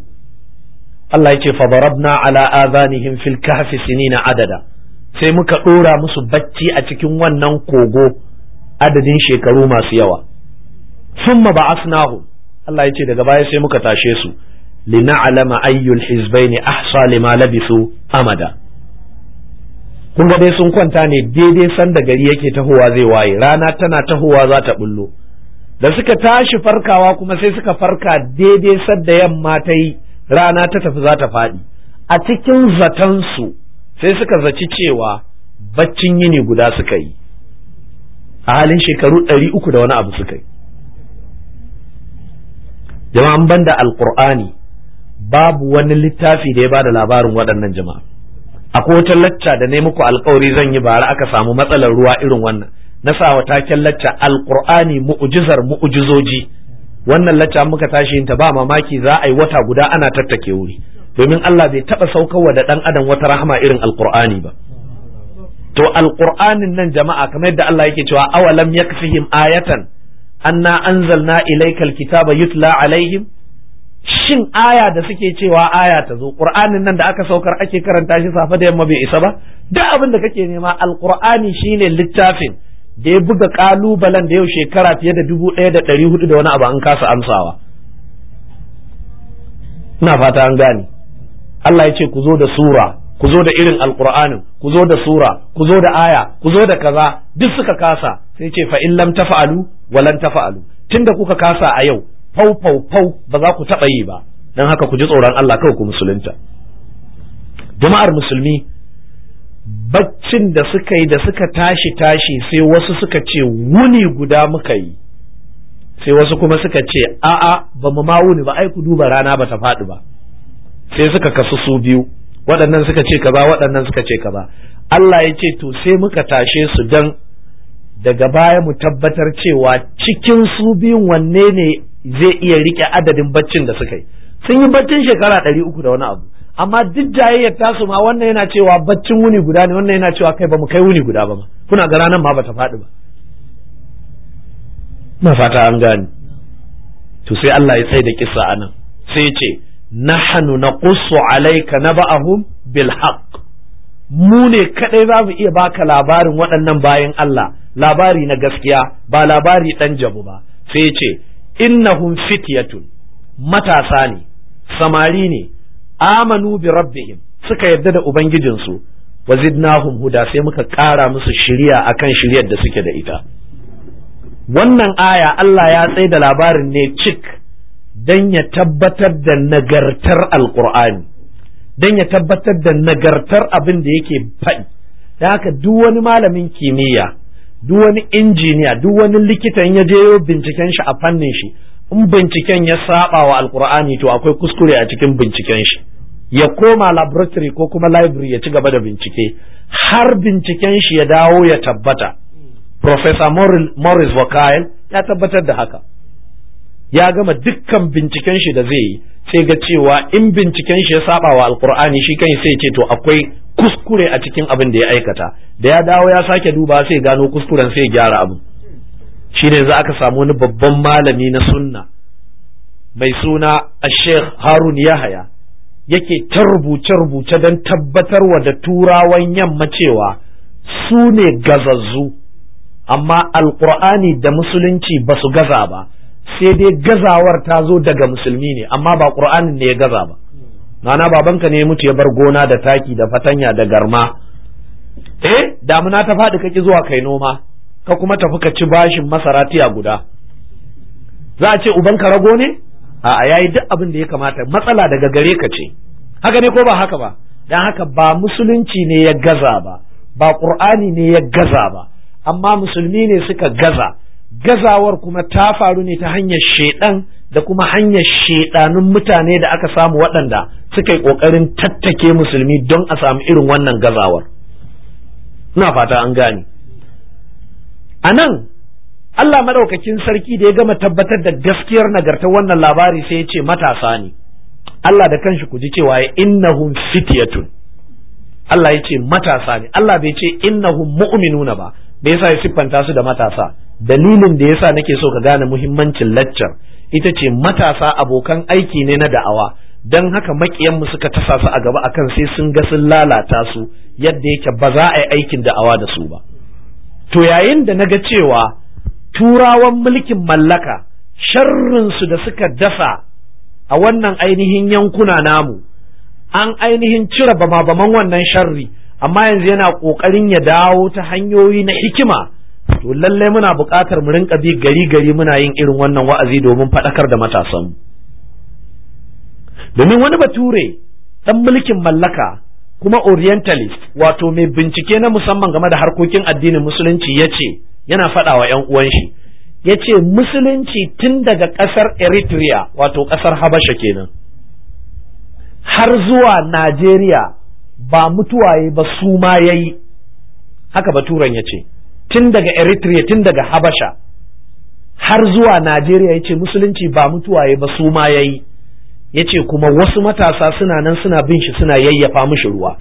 Allah ya ce fadarabna ala azanihim fil kahf sinina adada sai muka ɗora musu bacci a cikin wannan kogo adadin shekaru masu yawa summa ba'asnahu Allah ya ce daga baya sai muka tashe su لنعلم ayyul hizbaini أحصى لما labisu amada kun ga dai sun kwanta ne daidai san da gari yake tahowa zai waye rana tana tahowa za ta bullo da suka tashi farkawa kuma sai suka farka daidai san da yamma ta yi rana ta tafi za ta faɗi a cikin zatansu sai suka zaci cewa baccin yini guda suka yi a halin shekaru ɗari uku da wani abu suka yi jama'an banda alkur'ani babu wani littafi da ya bada labarin waɗannan jama'a akwai wata lacca da ne muku alkawari zan yi bara aka samu matsalar ruwa irin wannan na sa wa taken lacca Alƙur'ani mu'ujizar mu'ujizoji. wannan lacca muka tashi ta ba mamaki za a yi wata guda ana tattake wuri domin Allah bai taɓa saukar wa da ɗan adam wata rahama irin alqur'ani ba to Alƙur'anin nan jama'a kamar yadda Allah yake cewa awalam yakfihim ayatan anna anzalna ilaykal kitaba yutla alaihim shin aya da suke cewa aya ta zo qur'anin nan da aka saukar ake karanta shi safe da yamma bai isa ba duk abin da kake nema alqur'ani shine littafin da ya buga kalubalen da yau shekara fiye da dubu ɗaya da ɗari hudu da wani abu an kasa amsawa ina fata an gane Allah ya ce ku zo da sura ku zo da irin alqur'anin ku zo da sura ku zo da aya ku zo da kaza duk suka kasa sai ce fa in lam tafa'alu wa tafa'alu tunda kuka kasa a yau fau fau fau ba za ku taɓa yi ba don haka ku ji tsoron Allah kawai ku musulunta jama'ar musulmi baccin da suka yi da suka tashi tashi sai wasu suka ce wuni guda muka yi sai wasu kuma suka ce a'a ba mu ma wuni ba ai ku duba rana ba ta faɗi ba sai suka kasu su biyu waɗannan suka ce kaza waɗannan suka ce kaza Allah ya ce to sai muka tashe su dan daga baya mu tabbatar cewa cikin su biyun wanne ne zai iya rike adadin baccin da suka yi sun yi baccin shekara ɗari uku da wani abu amma duk jayayyar tasu ma wannan yana cewa baccin wuni guda ne wannan yana cewa kai ba mu kai wuni guda ba ma kuna ga ranar ma bata faɗi ba ma fata an gane to sai Allah ya tsaye da kissa anan sai ya ce nahnu naqussu alayka naba'ahum bil haqq mu ne kadai za mu iya baka labarin waɗannan bayan Allah labari na gaskiya ba labari dan jabu ba sai ya ce innahum fityatun matasa ne samari ne amanu bi rabbihim suka yadda da ubangijinsu wa zidnahum huda sai muka ƙara musu shiriya akan shiryar da suke da ita wannan aya Allah ya tsaye da labarin ne cik don ya tabbatar da nagartar alkur'ani don ya tabbatar da nagartar abin da yake faɗi da haka duk wani malamin kimiyya duk wani injiniya duk wani likitan ya je binciken shi a fannin shi in binciken ya saba wa alkur'ani to akwai kuskure a cikin binciken shi ya koma laboratory ko kuma library ya ci gaba da bincike har binciken shi ya dawo ya tabbata professor morris wakayel ya tabbatar da haka ya gama dukkan binciken shi da zai yi sai ga cewa in binciken shi ya saba wa alkur'ani shi kan sai ce to akwai kuskure a cikin abin da ya aikata da ya dawo ya sake duba sai gano kuskuren sai gyara abu shi ne za aka samu wani babban malami na sunna mai suna a sheikh harun yahaya yake ta rubuce-rubuce don tabbatarwa da turawan yamma cewa su ne gazazzu amma alkur'ani da musulunci ba su gaza ba sai dai gazawar ta zo daga musulmi ne amma ba ƙur'anin ne ya gaza ba mana babanka ne mutu ya bar gona da taki da fatanya da garma eh damuna ta faɗi kake zuwa kai noma ka kuma tafi ka ci bashin masara tiya guda za a ce ubanka rago ne a'a yayi duk abin da ya kamata matsala daga gare ka ce haka ne ko ba haka ba dan haka ba musulunci ne ya gaza ba ba ƙur'ani ne ya gaza ba amma musulmi ne suka gaza gazawar kuma ta faru ne ta hanyar shaidan da kuma hanyar shaidanun mutane da aka samu waɗanda suka yi ƙoƙarin tattake musulmi don a samu irin wannan gazawar ina fata an gane a nan Allah maɗaukakin sarki da ya gama tabbatar da gaskiyar nagarta wannan labari sai ya ce matasa ne Allah da kanshi ku ji cewa ya innahum sitiyatun Allah ya ce matasa ne Allah bai ce innahum mu'minuna ba me yasa ya siffanta su da matasa dalilin da yasa nake so ka gane muhimmancin laccar ita ce matasa abokan aiki ne na da'awa don haka makiyanmu suka tasa su a gaba akan sai sun ga sun lalata su yadda yake ba za a yi aikin da'awa da su ba to yayin da na ga cewa turawan mulkin mallaka sharrin su da suka dasa a wannan ainihin yankuna namu an ainihin cire bama-baman wannan sharri amma yanzu yana ƙoƙarin ya dawo ta hanyoyi na hikima to lallai muna buƙatar mu rinka bi gari gari muna yin irin wannan wa'azi domin faɗakar da matasan domin wani bature ɗan mulkin mallaka kuma orientalist wato mai bincike na musamman game da harkokin addinin musulunci ya ce yana faɗa wa ‘yan uwan shi ya ce musulunci tun daga ƙasar eritrea wato ƙasar habasha kenan har zuwa najeriya ba mutuwaye ba su ma ya yi haka baturan ya ce tun daga eritrea tun daga habasha har zuwa najeriya ya ce musulunci ba mutuwaye ba su ma ya yi ya ce kuma wasu matasa suna nan suna bin shi suna yayyafa mushi ruwa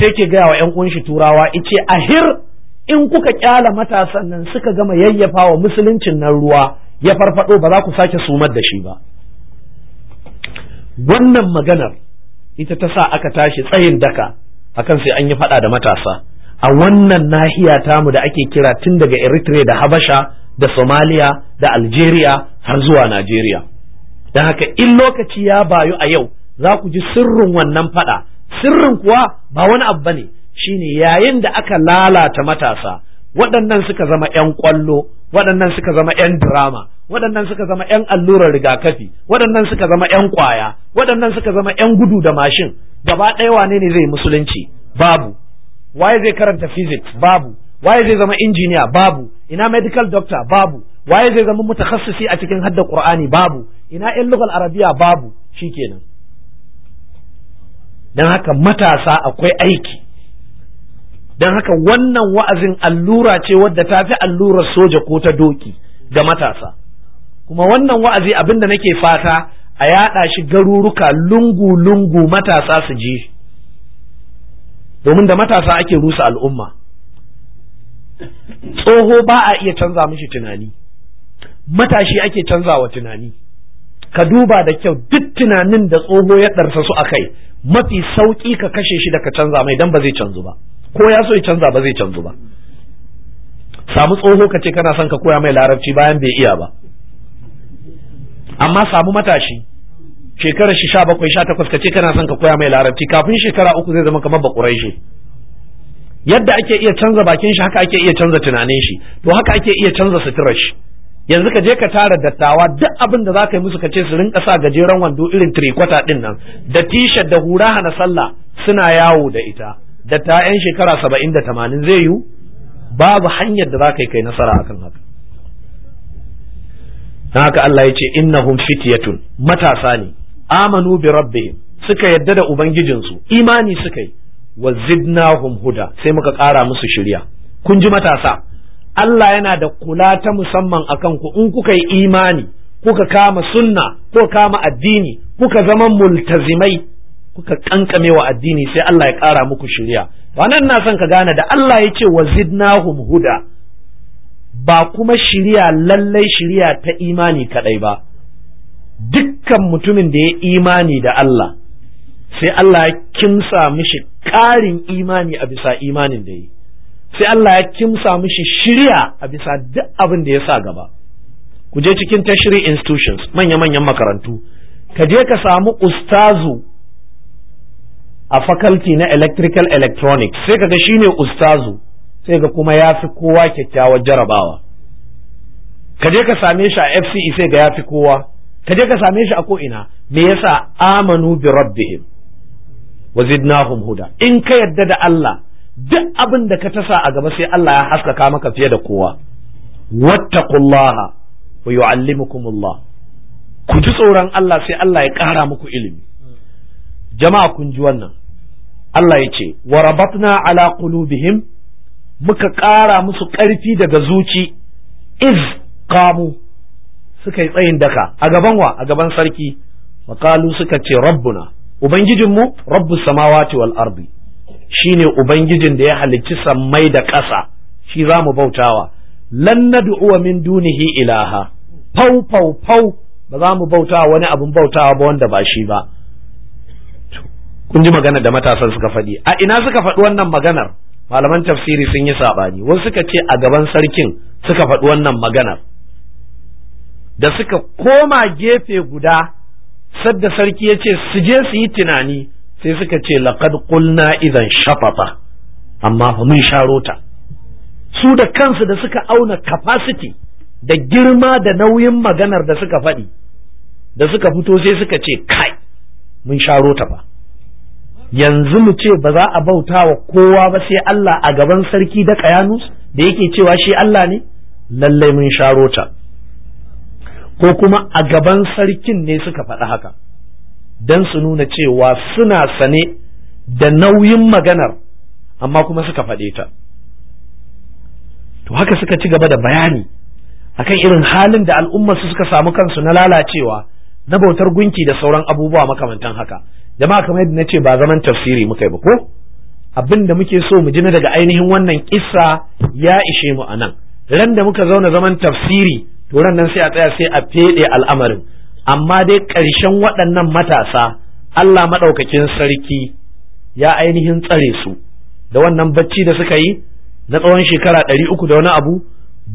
sai ke gaya wa 'yan kunshi turawa ice ahir in kuka kyala matasan nan suka gama yayyafa wa musuluncin nan ruwa ya farfado ba za ku sake sumar da shi ba wannan maganar ita ta sa aka tashi tsayin daka akan sai an yi faɗa da matasa a wannan nahiya mu da ake kira tun daga Eritrea da Habasha da Somalia da Algeria har zuwa Najeriya. Da haka in lokaci ya bayu a yau za ku ji sirrin wannan fada sirrin kuwa ba wani abu bane shine yayin da aka lalata matasa waɗannan suka zama 'yan ƙwallo waɗannan suka zama 'yan drama waɗannan suka zama 'yan allurar rigakafi waɗannan suka zama 'yan kwaya waɗannan suka zama 'yan gudu da mashin gaba ɗaya wane ne zai musulunci babu waye zai karanta physics babu waye zai zama injiniya babu ina medical doctor babu waye zai zama mutakhassisi a cikin hadda qur'ani babu ina yan lugal arabiya babu shikenan dan haka matasa akwai aiki dan haka wannan wa'azin allura ce wadda ta fi allurar soja ko ta doki ga matasa kuma wannan wa'azi abinda nake fata a yaɗa shi garuruka lungu-lungu matasa su je domin da matasa ake rusa al'umma tsoho ba a iya canza mishi tunani matashi ake canza wa tunani ka duba da kyau duk tunanin da tsoho ya ɗarsa su a kai mafi sauƙi ka kashe shi da ka canza mai don ba zai canzu ba ko ya so ya canza ba zai canzu ba samu tsoho ka ce kana son ka koya mai larabci bayan bai iya ba amma samu matashi shekarar shi sha bakwai sha takwas ka ce kana son ka koya mai larabci kafin shekara uku zai zama kamar bakurai shi yadda ake iya canza bakin shi haka ake iya canza tunanin shi to haka ake iya canza suturar shi yanzu ka je ka tara dattawa duk abin da za ka yi musu ka ce su rinka sa gajeren wando irin tirikwata din nan da tishat da hura hana sallah suna yawo da ita ta yan shekara saba'in da tamanin zai yiwu babu hanyar da za ka yi kai nasara akan haka na haka Allah ya ce innahum fityatun matasa ne amanu bi rabbihim suka yadda da ubangijinsu imani suka yi wa zidnahum huda sai muka ƙara musu shirya kun ji matasa Allah yana da kula ta musamman akan ku in kuka yi imani kuka kama sunna ko kama addini kuka zama multazimai kuka kankame wa addini sai Allah ya ƙara muku shirya ba na son ka gane da Allah ya ce wa zidnahum huda ba kuma shirya lallai shirya ta imani kadai ba dukkan mutumin da ya imani da Allah sai Allah ya kimsa mishi ƙarin imani a bisa imanin da yi sai Allah ya kimsa mishi shirya a bisa duk abin da ya sa gaba ku je cikin tashiri institutions manya-manyan makarantu ka je ka samu ustazu a faculty na electrical electronics sai ka kaga shine ustazu sai ga kuma ya fi kowa kyakkyawar jarabawa ka je ka same shi a fce sai ga ya fi kowa ka je ka same shi a ko'ina, me yasa amanu bi rabbihim wa zidnahum huda in ka yadda da Allah duk abin da ka tasa a gaba sai Allah ya haskaka maka fiye da kowa wattaqullaha wa yu'allimukumullah ku ji tsoron Allah sai Allah ya ƙara muku ilimi jama'a kun ji wannan Allah ya ce wa rabatna ala qulubihim muka ƙara musu ƙarfi daga zuci iz qamu suka yi tsayin daka a gaban wa a gaban sarki Makalu suka ce rabbuna ubangijinmu rabbus samawati wal ardi shine ubangijin da ya halicci sammai da ƙasa shi za mu bautawa lan nad'u min dunihi ilaha fau fau fau ba za mu bautawa wani abin bautawa ba wanda ba shi ba kun ji magana da matasan suka faɗi a ina suka faɗi wannan maganar malaman tafsiri sun yi saɓani wasu suka ce a gaban sarkin suka faɗi wannan maganar da suka koma gefe guda sadda sarki ya ce su je su yi tunani sai suka ce laqad qulna idan shafafa amma fa mun sharo su da kansu da suka auna capacity da girma da nauyin maganar da suka faɗi da suka fito sai suka ce kai mun sharo ta yanzu mu ce ba za a bauta wa kowa ba sai Allah a gaban sarki da kayanus da yake cewa shi Allah ne lallai mun sharota ta ko kuma a gaban sarkin ne suka faɗi haka don su nuna cewa suna sane da nauyin maganar amma kuma suka faɗe ta to haka suka ci gaba da bayani akan irin halin da al'ummarsu suka samu kansu na lalacewa na bautar gunki da sauran abubuwa makamantan haka jama'a kamar yadda na ce ba zaman tafsiri muka yi ba ko abin da muke so mu jina daga ainihin wannan kissa ya ishe mu anan ran da muka zauna zaman tafsiri to nan sai a tsaya sai a fede al'amarin amma dai ƙarshen waɗannan matasa Allah maɗaukakin sarki ya ainihin tsare su da wannan bacci da suka yi na tsawon shekara ɗari uku da wani abu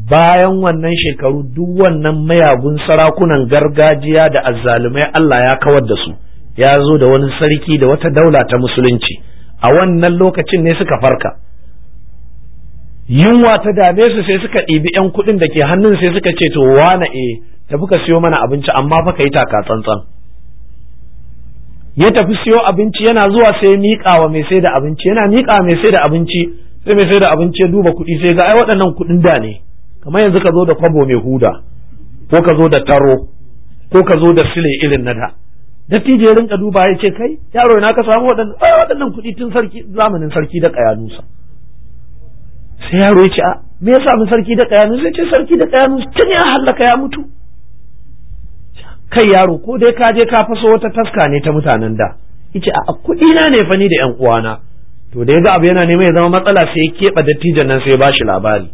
bayan wannan shekaru duk wannan mayagun sarakunan gargajiya da azzalumai Allah ya kawar da su ya zo da wani sarki da wata daula ta musulunci a wannan lokacin ne suka farka yunwa ta dame su sai suka ɗibi 'yan kuɗin da ke hannun sai suka ce to wane e tafi ka siyo mana abinci amma fa ka yi taka tsantsan ya tafi siyo abinci yana zuwa sai miƙa wa mai sai da abinci yana miƙa mai sai da abinci sai mai sai da abinci ya duba kuɗi sai ga ai waɗannan kuɗin da ne kamar yanzu ka zo da kwabo mai huda ko ka zo da taro ko ka zo da sile irin na da dattijo ya rinka duba ya ce kai yaro na ka samu waɗannan kuɗi tun sarki zamanin sarki da ƙaya nusa sai yaro ya ce a me yasa mun sarki da kayanu sai ce sarki da kayanu tun ya hallaka ya mutu kai yaro ko dai ka je ka faso wata taska ne ta mutanen da yace a kudi na ne fani da yan uwana to da yaga abu yana neman ya zama matsala sai ya keɓe dattijan nan sai ya bashi labari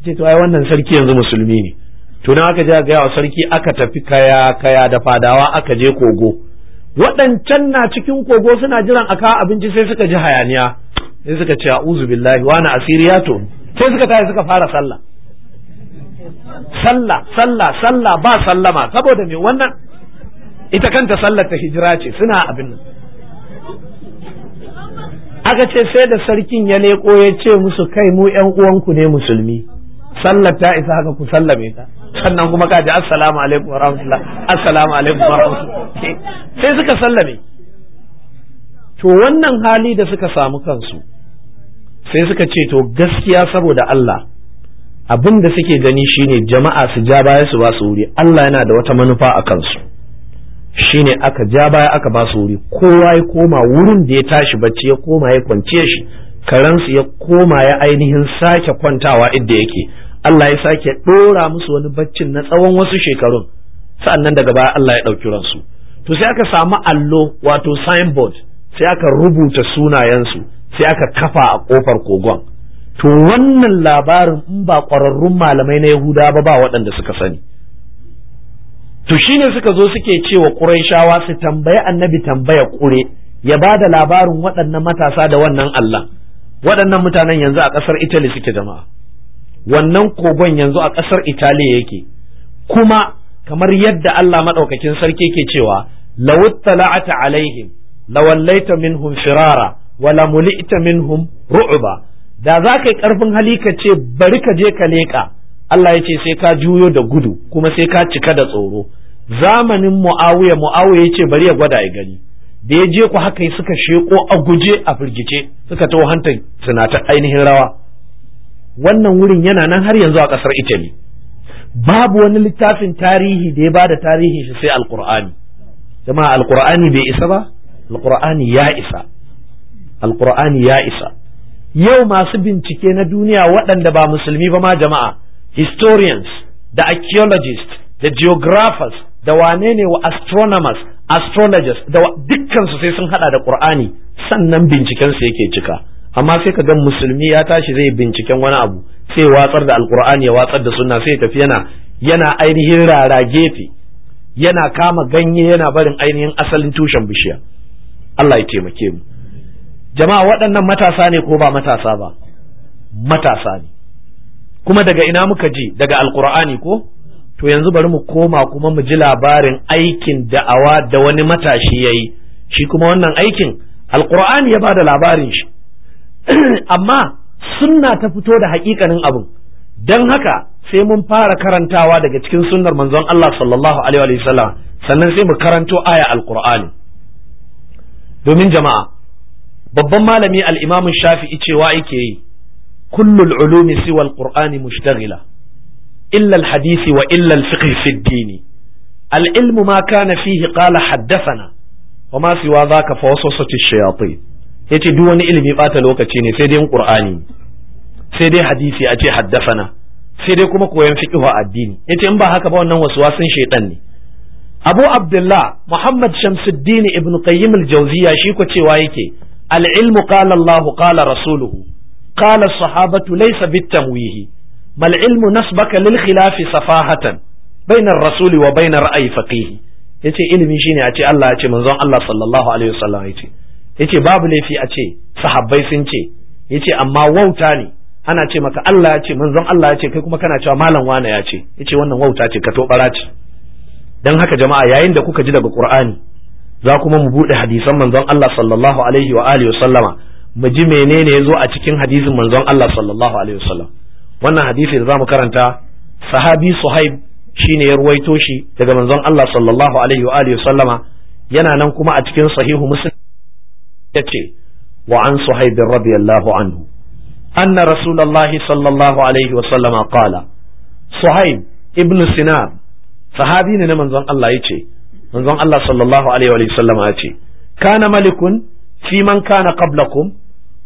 yace to ai wannan sarki yanzu musulmi ne to na aka je ga yawa sarki aka tafi kaya kaya da fadawa aka je kogo waɗancan na cikin kogo suna jiran a kawo abinci sai suka ji hayaniya in suka ce a'udhu billahi wa ana asiriyatu sai suka tashi suka fara sallah sallah sallah sallah ba sallama saboda me wannan ita kanta sallar ta hijira ce suna abin nan aka ce sai da sarkin ya leko ya ce musu kai mu yan uwanku ne musulmi sallar ta isa haka ku sallame ta sannan kuma ka ji assalamu alaikum wa rahmatullah assalamu alaikum wa rahmatullah sai suka sallame to wannan hali da suka samu kansu sai suka ce to gaskiya saboda Allah abin da suke gani shine jama'a su ja baya su ba su wuri Allah yana da wata manufa a kansu shine aka ja baya aka ba su wuri kowa ya koma wurin da ya tashi bacci ya koma ya kwance shi karansu ya koma ya ainihin sake kwantawa idda yake Allah ya sake dora musu wani baccin na tsawon wasu shekarun sa'annan daga baya Allah ya ɗauki ransu to sai aka samu allo wato signboard sai aka rubuta sunayensu sai aka kafa a kofar kogon to wannan labarin in ba ƙwararrun malamai na yahuda ba ba waɗanda suka sani to shine suka zo suke cewa ƙuraishawa su tambayi annabi tambaya ƙure ya ba da labarin waɗannan matasa da wannan allah waɗannan mutanen yanzu a ƙasar italy suke jama'a wannan kogon yanzu a ƙasar italiya yake kuma kamar yadda allah maɗaukakin sarki ke cewa lawuttala'ata alaihim lawallaita minhum firara wala mulita minhum ru'ba da za ka yi karfin hali ka ce bari ka je ka leƙa Allah yace sai ka juyo da gudu kuma sai ka cika da tsoro zamanin mu'awiya mu'awiya ya ce bari ya gwada ya gani da ya je ku haka suka sheko a guje a firgice suka taho hantar sinata ainihin rawa wannan wurin yana nan har yanzu a ƙasar Italy babu wani littafin tarihi da ya bada tarihin shi sai alqur'ani jama'a alqur'ani bai isa ba alqur'ani ya isa alqur'ani ya isa yau masu bincike na duniya waɗanda ba musulmi ba ma jama'a historians da archaeologists da geographers da wane ne wa astronomers astrologers da dukkansu sai sun hada da qur'ani sannan binciken su yake cika amma sai ka ga musulmi ya tashi zai binciken wani abu sai watsar da alqur'ani ya watsar da sunna sai tafi yana yana ainihin rara gefe yana kama ganye yana barin ainihin asalin tushen bishiya Allah ya taimake mu jama'a waɗannan matasa ne ko ba matasa ba matasa ne kuma daga ina muka ji daga alkur'ani ko to yanzu bari mu koma kuma mu ji labarin aikin da'awa da wani matashi ya yi shi kuma wannan aikin alkur'ani ya ba da labarin shi amma sunna ta fito da hakikanin abin don haka sai mun fara karantawa daga cikin sunnar manzon Allah sallallahu alaihi wa sallam sannan sai mu karanto aya alkur'ani domin jama'a babban malami al shafi'i cewa yake yi kullul ulumi siwa al-qur'ani mushtaghila illa al-hadisi wa illa al-fiqh fi ad-dini al-ilmu ma kana fihi qala haddathana wa ma siwa dhaka fa waswasatu ash-shayatin yace duk wani ilimi bata lokaci ne sai dai qur'ani sai dai hadisi a ce haddafana sai dai kuma koyon fiqh addini yace in ba haka ba wannan waswasin shaytan ne Abu Abdullah Muhammad Shamsuddin Ibn Qayyim al-Jawziya shi ko cewa yake al'ilmu qala Allah qala rasuluhu qala sahabatu laysa bitamwihi bal ilmu nasbaka lil khilafi safahatan bainar rasuli wa bainar ra'ayi faqihi yace ilimi shine a ce Allah ya ce manzon Allah sallallahu alaihi wasallam ya ce yace babu laifi a ce sahabbai sun ce yace amma wauta ne ana ce maka Allah ya ce manzon Allah ya ce kai kuma kana cewa malam wane ya ce yace wannan wauta ce ka tobara ce dan haka jama'a yayin da kuka ji daga Qur'ani za kuma mu buɗe hadisan manzon Allah sallallahu alaihi wa alihi sallama mu ji menene yazo a cikin hadisin manzon Allah sallallahu alaihi wasallam wannan hadisi da zamu karanta sahabi Suhaib shine ya ruwaito shi daga manzon Allah sallallahu alaihi wa alihi sallama yana nan kuma a cikin sahihu Muslim yace wa an Suhaib radiyallahu anhu anna rasulullahi sallallahu alaihi wa sallama qala Suhaib ibn Sinar sahabi ne na manzon Allah yace manzon Allah sallallahu alaihi wa sallama ya ce kana malikun fi man kana qablakum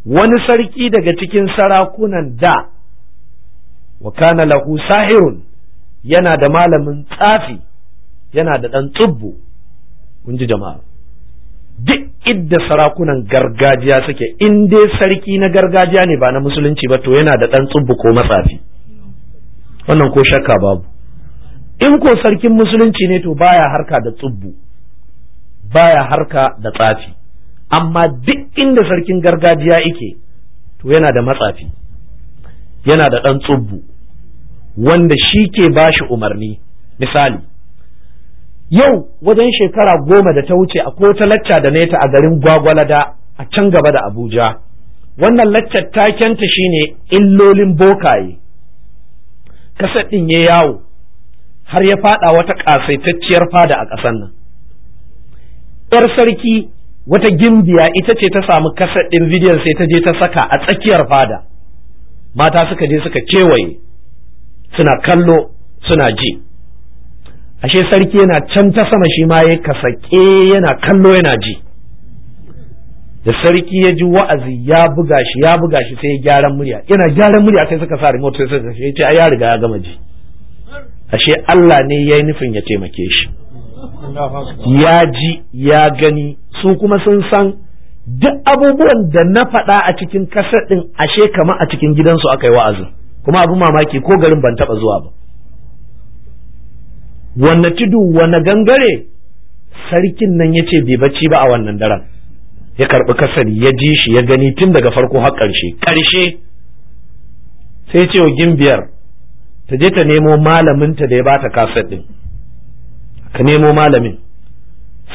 wani sarki daga cikin sarakunan da wa kana lahu sahirun yana da malamin tsafi yana da dan tsubbu kun ji jama'a duk idda sarakunan gargajiya suke in dai sarki na gargajiya ne ba na musulunci ba to yana da dan tsubbu ko matsafi wannan ko shakka babu in ko sarkin musulunci ne to baya harka da tsubbu baya harka da tsafi amma duk inda sarkin gargajiya yake to yana da matsafi yana da ɗan tsubbu wanda shi ke bashi umarni misali yau wajen shekara goma da ta wuce akwai wata lacca da neta a garin gwagwalada a can gaba da abuja wannan laccar takenta shine illolin bokaye kasar ɗin ya yawo har ya fada wata kasaitacciyar fada a ƙasar nan yar sarki wata gimbiya ita ce ta samu kasar ɗin bidiyon sai ta je ta saka a tsakiyar fada mata suka je suka kewaye suna kallo suna ji ashe sarki yana can ta sama shi ma ya kasake yana kallo yana ji da sarki ya ji wa'azi ya buga shi ya buga shi sai ya gyaran murya yana gyaran murya sai suka sa remote sai suka ce ya riga ya gama ji ashe Allah ne ya yi nufin ya taimake shi ya ji ya gani su kuma sun san duk abubuwan da na faɗa a cikin kasar ɗin ashe kama a cikin gidansu aka yi wa'azin kuma abin mamaki ko garin ban taɓa zuwa ba wanne tudu wanne gangare sarkin nan ya ce bai bacci ba a wannan daren ya karɓi kasar ya ji shi ya gani tun daga farko har ƙarshe ƙarshe sai ce wa gimbiyar ta je ta nemo malaminta da ya bata kaset din ka nemo malamin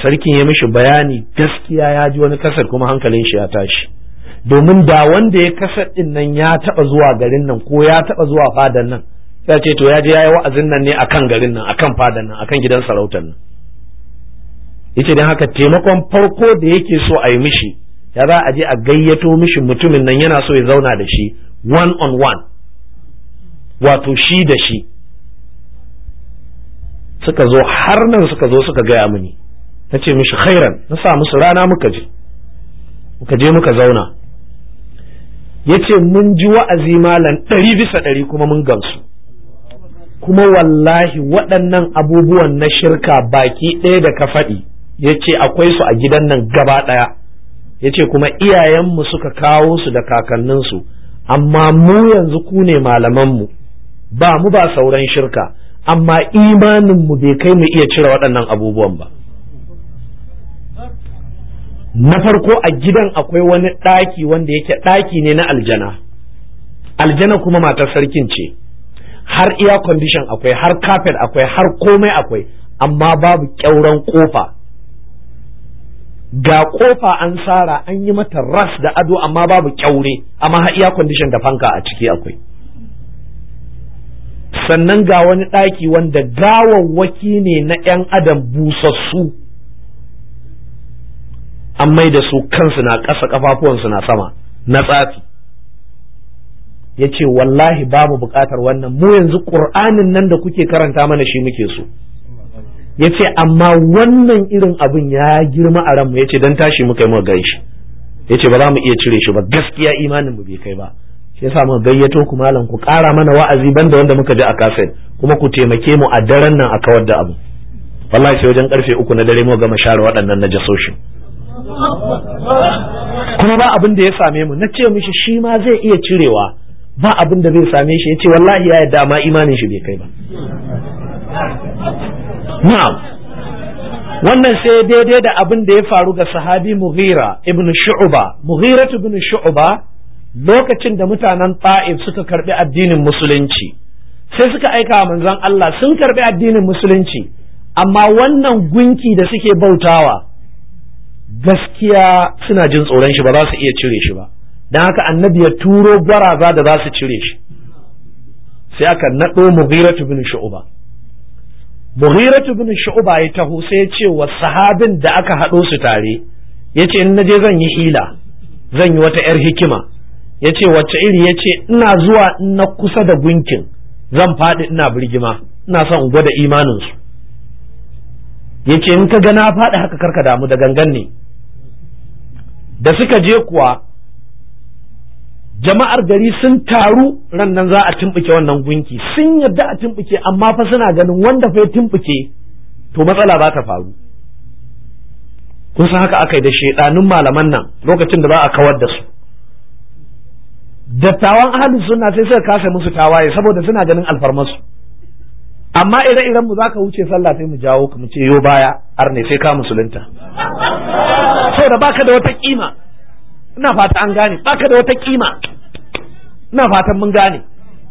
sarkin ya mishi bayani gaskiya ya ji wani kasar kuma hankalin shi ya tashi domin da wanda ya kasar din nan ya taba zuwa garin nan ko ya taba zuwa fadan nan ya ce to ya je ya yi wa'azin nan ne akan garin nan akan fadan nan akan gidan sarautar nan yace dan haka taimakon farko da yake so a yi mishi ya za a je a gayyato mishi mutumin nan yana so ya zauna da shi one on one wato shi da shi suka zo har nan suka zo suka gaya mini na ce mishi khairan na sa musu rana muka je muka je muka zauna ya ce mun ji wa'azi malam ɗari bisa ɗari kuma mun gamsu kuma wallahi waɗannan abubuwan na shirka baki ɗaya da ka faɗi ya ce akwai su a gidan nan gaba ɗaya ya ce kuma iyayenmu suka kawo su da kakanninsu amma mu yanzu ku ne malamanmu ba mu ba sauran shirka amma imanin mu bai kai mu iya cire waɗannan abubuwan ba na farko a gidan akwai wani ɗaki wanda yake ɗaki ne na aljana aljana kuma matar sarkin ce har iya condition akwai har carpet akwai har komai akwai amma babu ƙyauren ƙofa ga ƙofa an sara an yi mata ras da ado amma babu ƙyaure amma har iya condition da fanka a ciki akwai sannan ga wani ɗaki wanda gawawwaki ne na 'yan adam busassu an mai da su kansu na ƙasa ƙafafuwansu na sama na tsafi ya ce wallahi babu buƙatar wannan mu yanzu ƙur'anin nan da kuke karanta mana shi muke so ya ce amma wannan irin abin ya girma a ranmu ya ce don tashi muka yi muka shi ya ce ba za mu iya cire shi ba gaskiya imanin mu bai kai ba shi yasa muka gayyato ku malam ku ƙara mana wa'azi banda wanda muka ji a kaset kuma ku taimake mu a daren nan a kawar da abu wallahi sai wajen karfe uku na dare mu gama share waɗannan na jasoshin kuma ba abin da ya same mu na ce mishi shi ma zai iya cirewa ba abin da zai same shi ya ce wallahi ya yadda ma imanin shi bai kai ba na'am wannan sai daidai da abin da ya faru ga sahabi mughira ibn shu'ba mughira ibn shu'ba lokacin da mutanen ta'if suka karbi addinin musulunci sai suka aika wa manzon Allah sun karbi addinin musulunci amma wannan gunki da suke bautawa gaskiya suna jin tsoron shi ba za su iya cire shi ba don haka annabi ya turo gwaraza da za su cire shi sai aka naɗo mughiratu bin shu'uba mughiratu bin shu'uba ya taho sai ya ce wa sahabin da aka haɗo su tare yace ce in naje zan yi hila zan yi wata 'yar hikima ya ce wacce iri ya ce ina zuwa na kusa da gunkin zan faɗi ina birgima ina son in gwada imaninsu ya ce in ka gana na faɗi haka karka damu da gangan ne da suka je kuwa jama'ar gari sun taru ran nan za a tumɓuke wannan gunki sun yadda a tumɓuke amma fa suna ganin wanda fa ya tumɓuke to matsala ba ta faru kun san haka aka yi da shaidanin malaman nan lokacin da za a kawar da su dattawan ahalin suna sai suka kasa musu tawaye saboda suna ganin alfarmasu amma ire iren mu zaka wuce sallah sai mu jawo ka mu ce yo baya arne sai ka musulunta saboda baka da wata kima ina fata an gane baka da wata kima ina fatan mun gane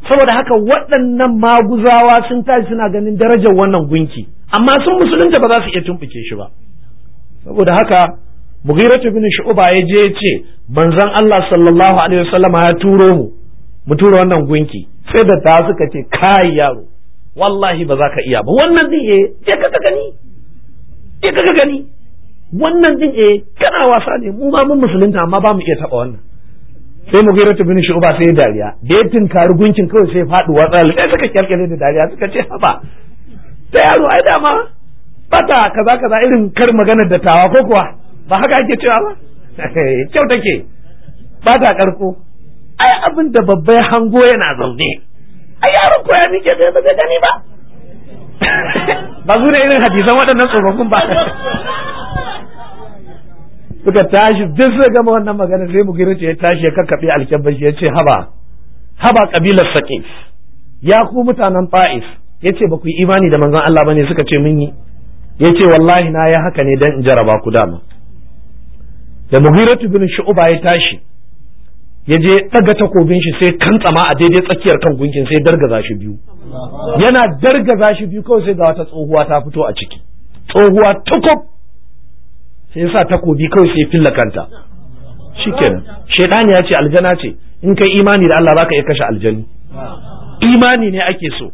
saboda haka waɗannan maguzawa sun tashi suna ganin darajar wannan gunki amma sun musulunta ba za su iya tumbuke shi ba saboda haka mughira bin shu'ba ya je ya ce manzon Allah sallallahu alaihi wasallam ya turo mu mu turo wannan gunki sai da ta suka ce kai yaro wallahi ba za ka iya ba wannan din eh je ka gani je ka gani wannan din eh kana wasa ne mu ma mun musulunta amma ba mu iya taba wannan sai mughira bin shu'ba sai dariya da ya tinkari gunkin kawai sai faduwa tsal sai suka kyalkyale da dariya suka ce haba da yaro ai dama bata kaza kaza irin kar maganar tawa ko kuwa ba haka ake cewa ba eh, kyau take ba ta karko ai abin da babba ya hango yana zaune ai yaron ko ya mike sai ba zai gani ba ba su ne irin hadisan waɗannan tsofaffin ba suka tashi duk suka gama wannan magana sai mu mugirci ya tashi ya kakkaɓe alkyabban shi ya ce haba haba kabilar saƙif ya ku mutanen fa'is ya ce ba ku yi imani da manzan Allah ba ne suka ce mun yi ya ce wallahi na ya haka ne dan in jaraba ku dama da muhiratu bin shu'ba ya tashi ya je daga takobin shi sai kantsama a daidai tsakiyar kan gunkin sai dargaza shi biyu yana dargaza shi biyu kawai sai ga wata tsohuwa ta fito a ciki tsohuwa takob sai ya sa takobi kawai sai filla kanta shikenan shaidani ya ce aljana ce in kai imani da Allah zaka iya kashe aljani imani ne ake so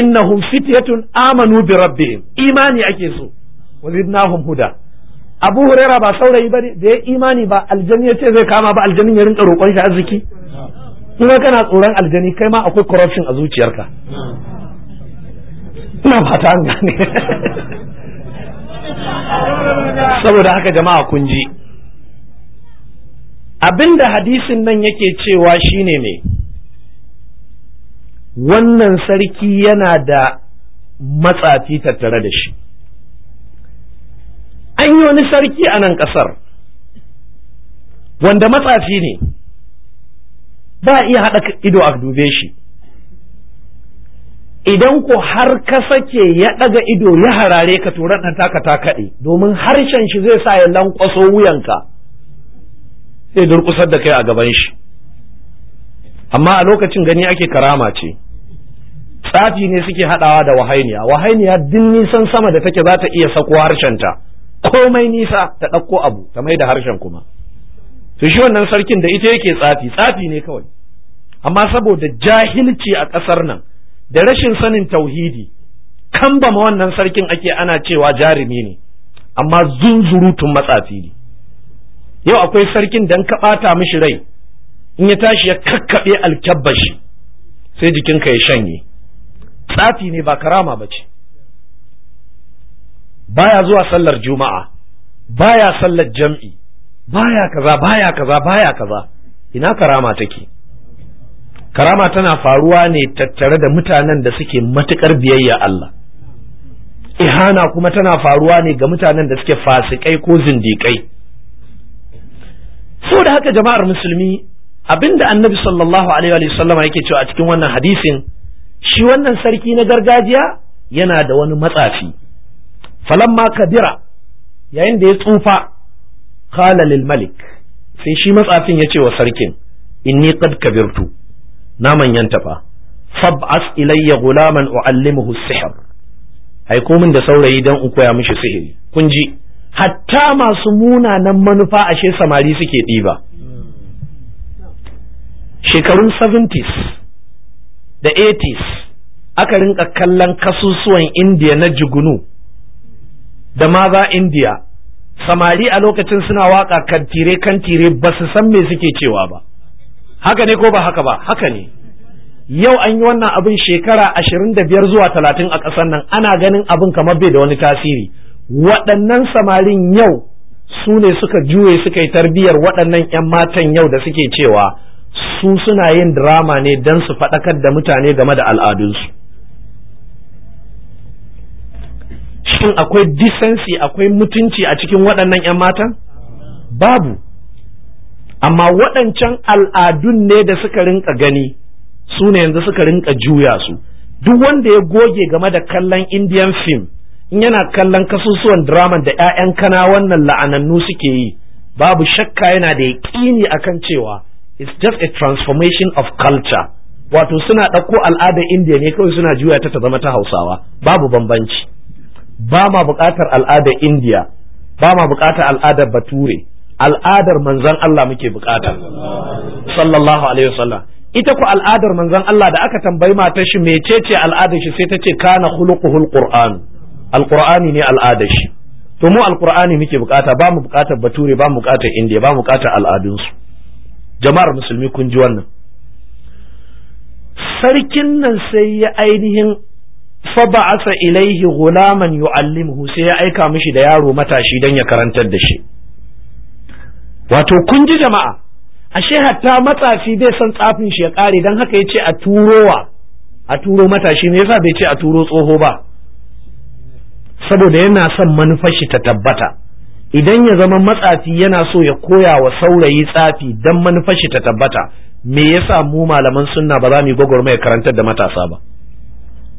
innahum fityatun amanu bi rabbihim imani ake so wazidnahum huda abu huraira ba saurayi ba da ya imani ba aljani ya ce zai kama ba aljani ya rinka roƙon shi arziki ina kana tsoron aljani kai ma akwai corruption a zuciyarka ina fata an gane saboda haka jama'a kun ji abinda hadisin nan yake cewa shine me wannan sarki yana da matsafi tattare da shi an yi wani sarki a nan ƙasar wanda matsafi ne ba iya haɗa ido a dube shi idan ko har ka sake ya ɗaga ido ya harare ka to ɗan taka ta kaɗe domin harshen shi zai sa ya lankwaso wuyanka sai durƙusar da kai a gaban shi amma a lokacin gani ake karama ce tsafi ne suke haɗawa da wahainiya wahainiya duk nisan sama da take za ta iya sako harshenta komai nisa ta ɗauko abu ta mai da harshen kuma to shi wannan sarkin da ita yake tsafi tsafi ne kawai amma saboda jahilci a ƙasar nan da rashin sanin tauhidi kan ba wannan sarkin ake ana cewa jarumi ne amma zunzurutun matsafi ne yau akwai sarkin dan ka ɓata mishi rai in ya tashi ya kakkaɓe alkyabbashi sai jikinka ya shanye tsafi ne ba karama ba ce baya zuwa sallar juma'a baya sallar jam'i baya kaza baya kaza baya kaza ina karama take karama tana faruwa ne tattare da mutanen da suke matukar biyayya Allah ihana kuma tana faruwa ne ga mutanen da suke fasikai ko zindiƙai saboda haka jama'ar musulmi abinda annabi sallallahu alaihi wa sallama yake cewa a cikin wannan hadisin shi wannan sarki na gargajiya yana da wani matsafi ma kabira yayin da ya tsufa qala lil malik sai shi matsafin ya ce wa sarkin inni qad kabirtu na manyanta fa fab'as ilayya gulaman u'allimuhu sihr aiko min da saurayi dan in koya mishi sihiri kun ji hatta masu munanan manufa ashe samari suke ɗiba shekarun 70s da 80s aka rinka kallon kasusuwan indiya na jugunu da maza Indiya. samari a lokacin suna waka kantire kantire ba su san me suke cewa ba haka ne ko ba haka ba haka ne yau an yi wannan abin shekara ashirin da biyar zuwa talatin a ƙasar nan ana ganin abin kamar bai da wani tasiri waɗannan samarin yau su ne suka juye suka yi tarbiyyar waɗannan 'yan matan yau da suke cewa su suna yin drama ne don su faɗakar da mutane game da al'adunsu shin akwai disensi akwai mutunci a cikin waɗannan 'yan matan babu amma waɗancan al'adun ne da suka rinka gani su ne yanzu suka rinka juya su duk wanda ya goge game da kallon indian film in yana kallon kasusuwan drama da 'ya'yan kana wannan la'anannu suke yi babu shakka yana da yaƙini kan cewa it's just a transformation of culture wato suna ɗauko al'adar indiya ne kawai suna juya ta ta zama ta hausawa babu bambanci ba ma buƙatar al'adar indiya ba ma buƙatar al'adar bature al'adar manzan Allah muke buƙata sallallahu alaihi wasallam ita ku al'adar manzan Allah da aka tambayi matar shi mecece al'adar shi sai ta ce kana khuluquhul qur'an alqur'ani ne al'adar shi to mu alqur'ani muke buƙata ba mu buƙatar bature ba mu buƙatar indiya ba mu buƙatar al'adunsu jama'ar musulmi kun ji wannan sarkin nan sai ya ainihin fa ba'atha ilaihi gulaman yu'allimuhu sai ya aika mishi da yaro matashi dan ya karantar da shi wato kun ji jama'a ashe hatta matsafi bai san tsafin shi ya kare dan haka yace a turowa a turo matashi me yasa bai ce a turo tsoho ba saboda yana son manufashi ta tabbata idan ya zama matsafi yana so ya koya wa saurayi tsafi dan manufashi ta tabbata me yasa mu malaman sunna ba za mu yi gwagwarmaya karantar da matasa ba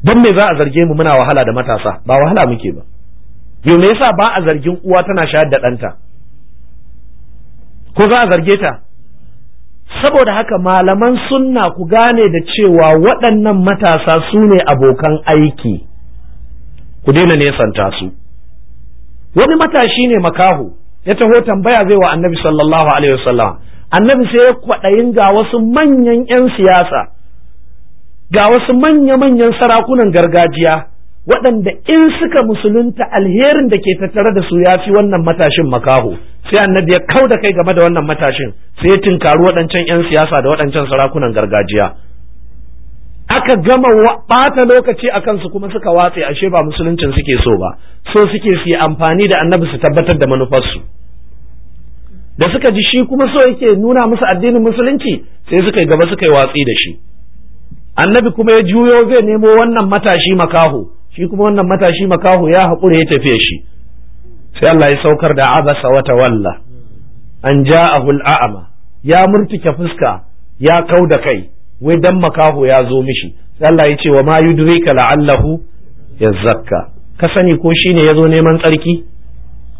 Don me za a zarge mu muna wahala da matasa ba wahala muke ba yau me yasa ba a zargin uwa tana shayar da ɗanta ko za a zarge ta saboda haka malaman sunna ku gane da cewa waɗannan matasa su ne abokan aiki ku daina nesanta su wani matashi ne makaho ya taho tambaya zai wa annabi sallallahu alaihi wasallam annabi sai ya kwaɗayin ga wasu manyan 'yan siyasa ga wasu manya-manyan sarakunan gargajiya waɗanda in suka musulunta alherin da ke tattare da su ya fi wannan matashin makaho sai annabi ya kau da kai game da wannan matashin sai ya tinkaru waɗancan 'yan siyasa da waɗancan sarakunan gargajiya aka gama ɓata lokaci a kansu kuma suka watse ashe ba musuluncin suke so ba so suke su yi amfani da annabi su tabbatar da manufarsu da suka ji shi kuma so yake nuna musu addinin musulunci sai suka yi gaba suka yi watsi da shi annabi kuma ya juyo zai nemo wannan matashi makaho shi kuma wannan matashi makaho ya haƙura ya tafiye shi sai Allah ya saukar da abasa wata walla an ja'ahu al'ama ya murtuke fuska ya kau da kai wai dan makaho ya zo mishi sai Allah ya ce wa ma yudrika la'allahu yazakka ka sani ko shine ya zo neman tsarki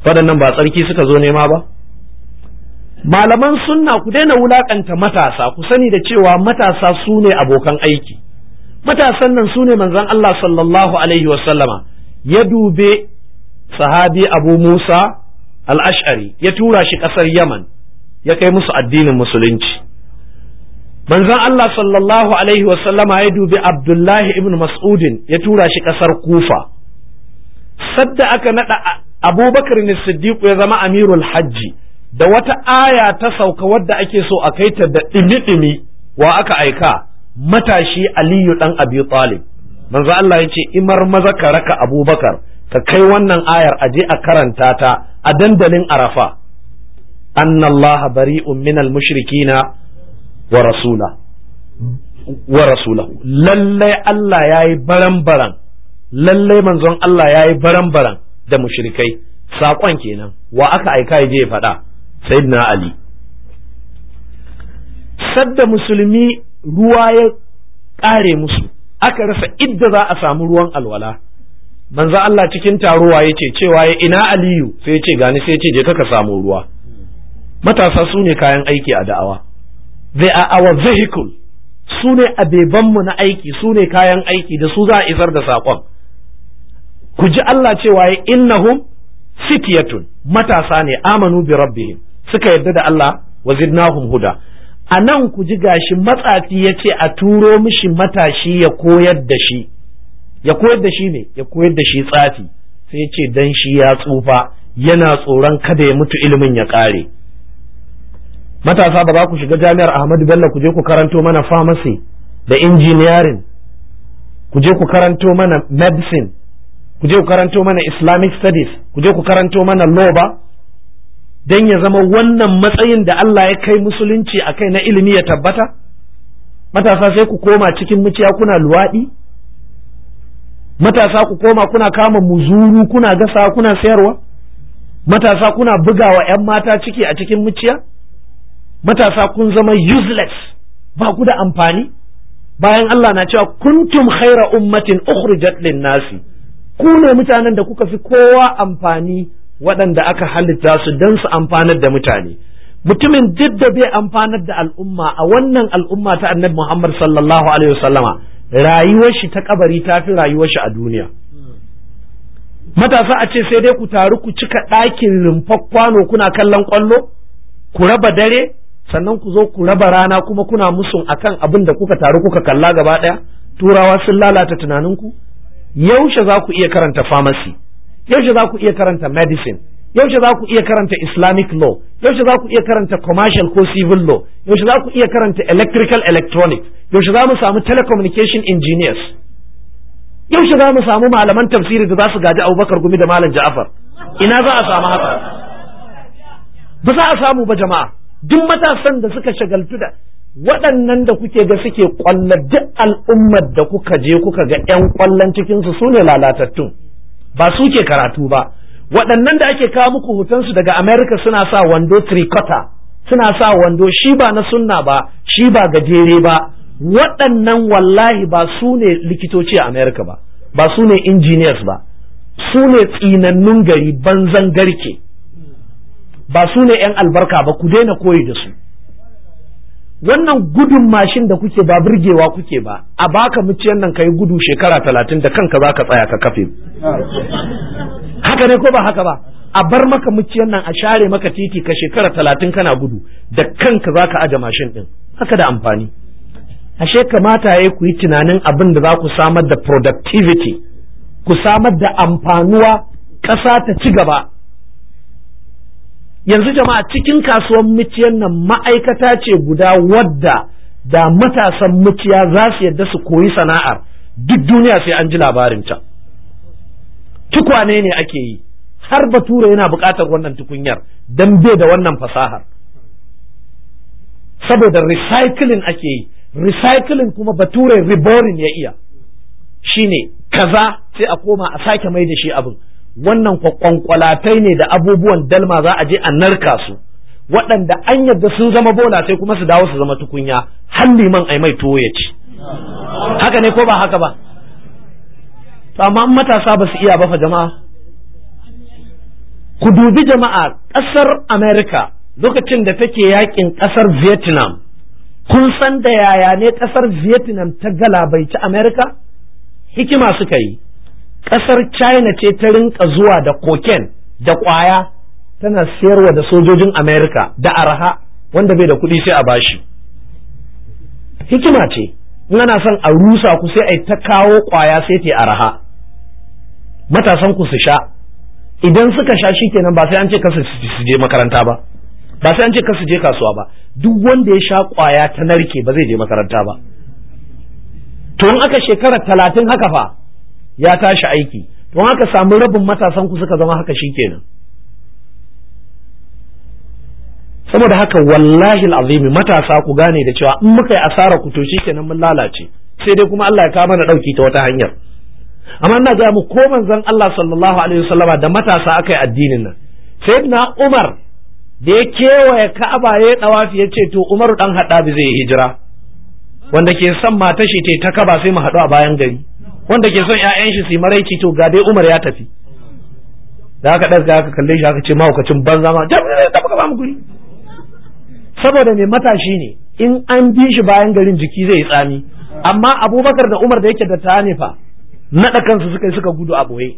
waɗannan ba tsarki suka zo nema ba malaman sunna ku daina wulakanta matasa ku sani da cewa matasa su ne abokan aiki matasan nan su ne manzon Allah sallallahu alaihi wasallama ya dube sahabi Abu Musa al-Ash'ari ya tura shi ƙasar Yaman ya kai musu addinin musulunci manzon Allah sallallahu alaihi wasallama ya dubi Abdullahi ibn Mas'udin ya tura shi ƙasar Kufa sadda aka naɗa Abubakar ne Siddiq ya zama amirul hajji da wata aya ta sauka wadda ake so a kai ta da ɗimi-ɗimi wa aka aika matashi aliyu ɗan abi talib manzo Allah ya ce imar maza ka raka abubakar ka kai wannan ayar aje a karanta ta a dandalin arafa annallaha bari'un al mushrikina wa rasula wa rasulahu lallai Allah yayi baran-baran lallai manzon Allah yayi baran-baran da mushrikai saƙon kenan wa aka aika ya je ya faɗa sayyidina ali sadda musulmi ruwa ya ƙare musu aka rasa idda za a samu ruwan alwala manzo Allah cikin taruwa ya ce cewa ya ina aliyu sai ya ce gani sai ya ce je ka samu ruwa matasa su ne kayan aiki a da'awa they are our vehicle su ne abebanmu na aiki su ne kayan aiki da su za a isar da saƙon ku ji Allah cewa ya innahum sitiyatun matasa ne amanu bi rabbihim suka yarda da Allah wa zidnahum huda a nan ku ji gashi matsafi ya ce a turo mishi matashi ya koyar da shi ya koyar da shi ne ya koyar da shi tsafi sai ya ce dan shi ya tsufa yana tsoron kada ya mutu ilimin ya kare. matasa ba za ku shiga jami'ar ahmadu bello ku je ku karanto mana pharmacy da engineering ku je ku karanto mana medicine ku je ku karanto mana islamic studies ku je ku karanto mana law ba Dan ya zama wannan matsayin da Allah ya kai musulunci a kai na ilimi ya tabbata matasa sai ku koma cikin muciya kuna luwaɗi matasa ku koma kuna kama muzuru kuna gasa kuna sayarwa matasa kuna bugawa 'yan mata ciki a cikin muciya matasa kun zama useless ba ku da amfani bayan Allah na cewa kuntum khaira ummatin ukhrijat lin nasi ku ne mutanen da kuka fi kowa amfani waɗanda aka halitta su don su amfanar da mutane mutumin duk da bai amfanar da al'umma a wannan al'umma ta annabi Muhammad sallallahu alaihi wasallama rayuwar shi ta kabari ta fi rayuwar shi a duniya matasa a ce sai dai ku taru ku cika ɗakin rumfar kwano kuna kallon kwallo ku raba dare sannan ku zo ku raba rana kuma kuna musun akan abin da kuka taru kuka kalla gaba ɗaya turawa sun lalata tunaninku yaushe za ku iya karanta famasi yaushe za ku iya karanta medicine yaushe za ku iya karanta islamic law yaushe za ku iya karanta commercial ko civil law yaushe za ku iya karanta electrical electronics yaushe za mu samu telecommunication engineers yaushe za mu samu malaman tafsiri da za su gaji abubakar gumi da malam ja'afar ina za a samu haka ba za a samu ba jama'a duk matasan da suka shagaltu da waɗannan da kuke ga suke ƙwallo duk al'ummar da kuka je kuka ga 'yan ƙwallon cikinsu su ne lalatattun ba su ke karatu ba waɗannan da ake kawo muku su daga America suna sa wando tricota suna sa wando shi ba na sunna ba shi ba gajere ba waɗannan wallahi ba su ne likitoci a America ba ba su ne engineers ba su ne tsinannun gari banzan garke ba su ne 'yan albarka ba ku daina koyi da su wannan gudun mashin da kuke ba burgewa kuke ba a baka muciyan nan kai gudu shekara talatin da kanka za ka tsaya ka kafe haka ne ko ba haka ba a bar maka muciyan nan a share maka titi ka shekara talatin kana gudu da kanka za ka aje mashin din haka da amfani ashe kamata ya ku yi tunanin abin da za ku samar da productivity ku samar da amfanuwa ƙasa ta ci gaba yanzu jama'a cikin kasuwan miciyan nan ma'aikata ce guda wadda da matasan miciya za su yadda su koyi sana'ar duk duniya sai an ji labarin ta tukwane ne ake yi har bature yana buƙatar wannan tukunyar don bai da wannan fasahar saboda recycling ake yi recycling kuma bature reborn ya iya shine kaza sai a koma a sake mai da shi abin wannan kwakwankwalatai ne da abubuwan dalma za a je a narka su waɗanda an yadda sun zama bola sai kuma su dawo su zama tukunya har liman ai mai tuwo ya ci haka ne ko ba haka ba to amma matasa ba su iya bafa jama'a ku dubi jama'a ƙasar America lokacin da take yakin ƙasar Vietnam kun san da yaya ne ƙasar Vietnam ta galabaici America hikima suka yi ƙasar china ce ta rinka zuwa da koken da ƙwaya tana siyarwa da sojojin america da araha wanda bai da kuɗi sai a bashi hikima ce in ana son a rusa ku sai a ta kawo ƙwaya sai ta araha matasan ku su sha idan suka sha shi kenan ba sai an ce kasu su je makaranta ba ba sai an ce kasu je kasuwa ba duk wanda ya sha ƙwaya ta narke ba zai je makaranta ba to in aka shekara talatin haka fa ya tashi aiki don haka samu rabin matasan ku suka zama haka shi kenan. saboda haka wallahi azimi matasa ku gane da cewa in muka yi asara ku to kenan mun lalace sai dai kuma Allah ya kawo mana dauki ta wata hanyar amma ina ga mu ko manzon Allah sallallahu alaihi wasallama da matasa aka yi addinin nan sayyidina Umar da ya kewaye Ka'aba ya dawafi ya ce to Umar dan hada bi zai hijira wanda ke son tashi ce ta kaba sai mu haɗu a bayan gari wanda ke son ƴaƴan shi su maraici to ga dai Umar ya tafi da aka ɗaga aka kalle shi aka ce mahaukacin banza ma jami'ai da eh, ta ba mu guri saboda mai matashi ne in an bi shi bayan garin jiki zai yi tsami amma abubakar da umar da yake da tani fa naɗa kansu suka suka gudu a ɓoye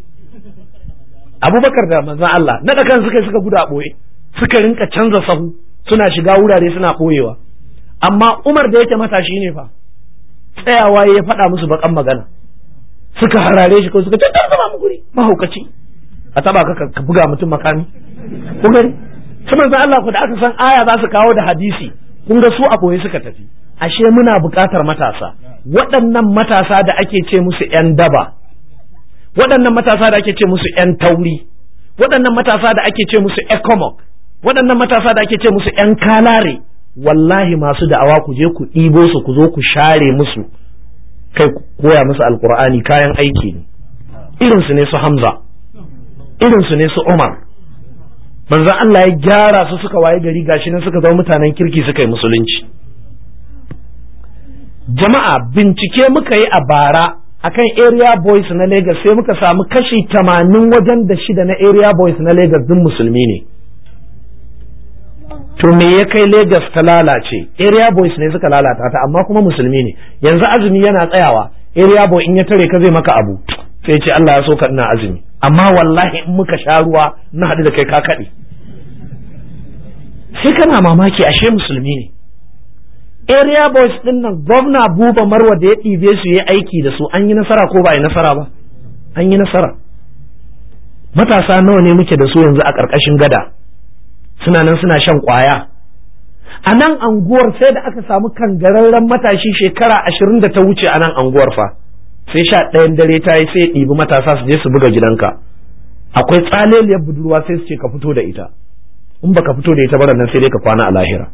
abubakar da manzan Allah naɗa kansu suka suka gudu a ɓoye suka rinka canza sahu suna shiga wurare suna ɓoyewa amma umar da yake matashi ne fa tsayawa ya faɗa musu baƙan magana suka harare shi ko suka ce dan mu guri mahaukaci a taba ka ka buga mutum makami kun gani saboda manzon Allah ku da aka san aya za su kawo da hadisi kun ga su a boye suka tafi ashe muna buƙatar matasa waɗannan matasa da ake ce musu yan daba waɗannan matasa da ake ce musu yan tauri waɗannan matasa da ake ce musu ecomoc waɗannan matasa da ake ce musu yan kalare wallahi masu da'awa ku je ku ɗibo su ku zo ku share musu kai koya musu alkur'ani kayan aiki ne irinsu ne su hamza irinsu ne su umar manzan Allah ya gyara su suka waye gari gashi nan suka zama mutanen kirki suka yi musulunci jama'a bincike muka yi a bara akan area boys na Lagos sai muka samu kashi tamanin wajen da shida na area boys na Lagos din musulmi ne to me ya kai Lagos ta lalace area boys ne suka lalata ta amma kuma musulmi ne yanzu azumi yana tsayawa area boy in ya tare ka zai maka abu sai ce Allah ya so ka ina azumi amma wallahi in muka sha ruwa na hadu da kai ka kaɗe sai kana mamaki ashe musulmi ne area boys din nan gwamna buba marwa da ya ɗibe su ya aiki da su an yi nasara ko ba yi nasara ba an yi nasara matasa nawa ne muke da su yanzu a ƙarƙashin gada suna nan suna shan kwaya a nan anguwar sai da aka samu kangararren matashi shekara ashirin da ta wuce a nan anguwar fa sai sha ɗayan dare ta yi sai ɗibi matasa su je su buga gidanka akwai tsaleliyar budurwa sai su ce ka fito da ita in baka fito da ita nan sai dai ka kwana a lahira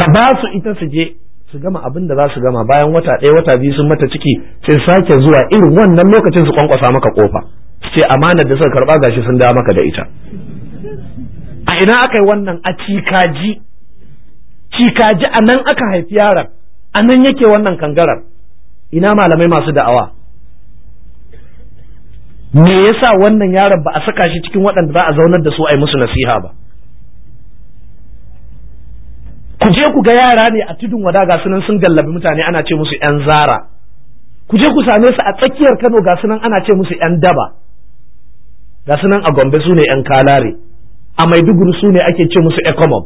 ka ba su ita su je su gama abin da za su gama bayan wata ɗaya wata biyu sun mata ciki sai sake zuwa irin wannan lokacin su kwankwasa maka kofa su ce amanar da suka karba gashi sun dawo maka da ita a ina aka yi wannan a cikaji cikaji a nan aka haifi yaran a nan yake wannan kangarar ina malamai masu da'awa me yasa wannan yaron ba a saka shi cikin waɗanda za a zaunar da su a yi musu nasiha ba ku je ku ga yara ne a tudun wada ga sunan sun gallabi mutane ana ce musu yan zara ku je ku same su a tsakiyar Kano ga sunan ana ce musu yan daba ga sunan a Gombe su ne yan kalare a maiduguri su ne ake ce musu ekomom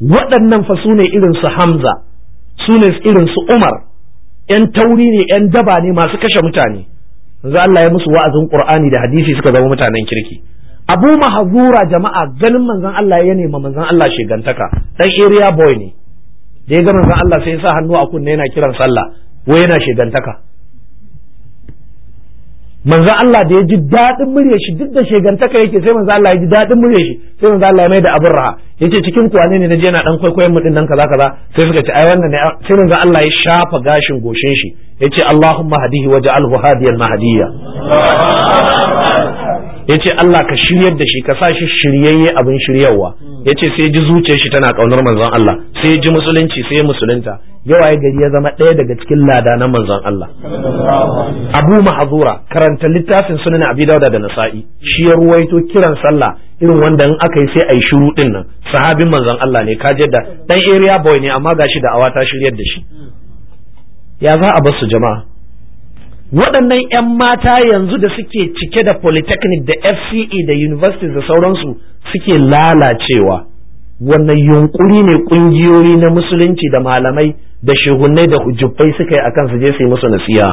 waɗannan fa su ne irin hamza su ne irin umar yan tauri ne yan daba ne masu kashe mutane za Allah ya musu wa'azin qur'ani da hadisi suka zama mutanen kirki abu mahazura jama'a ganin manzan Allah ya nema manzon Allah shegantaka ɗan area boy ne da ya ga manzan Allah sai ya sa hannu a kunne yana kiran sallah wai yana shegantaka manzo Allah da ya ji daɗin murya shi duk da shegantaka yake sai manzo Allah ya ji daɗin murya shi sai manzo Allah ya mai da abin raha yace cikin kuwane ne naje na dan kwaikwayon mutun nan kaza kaza sai suka ce ai wannan ne sai manzo Allah ya shafa gashin goshin shi yace Allahumma hadihi waj'alhu hadiyan mahdiya ya ce Allah ka shiryar da shi ka sa shi shiryayye abin ya yace sai ji zuciyar shi tana kaunar manzon Allah sai ji musulunci sai ya musulunta yawa ya gari ya zama ɗaya daga cikin lada na manzon Allah Abu Mahazura karanta littafin sunan Abi Dawud da Nasa'i shi ya ruwaito kiran sallah irin wanda in aka yi sai a yi shiru din nan sahabin manzon Allah ne ka da dan area boy ne amma gashi da awa ta shiryar da shi ya za a bar su jama'a waɗannan 'yan mata yanzu da suke cike da polytechnic da fce da university da sauransu suke lalacewa wannan yunkuri ne ƙungiyoyi na musulunci da malamai da shugunai da hujjubai suka yi akan su je su yi musu nasiha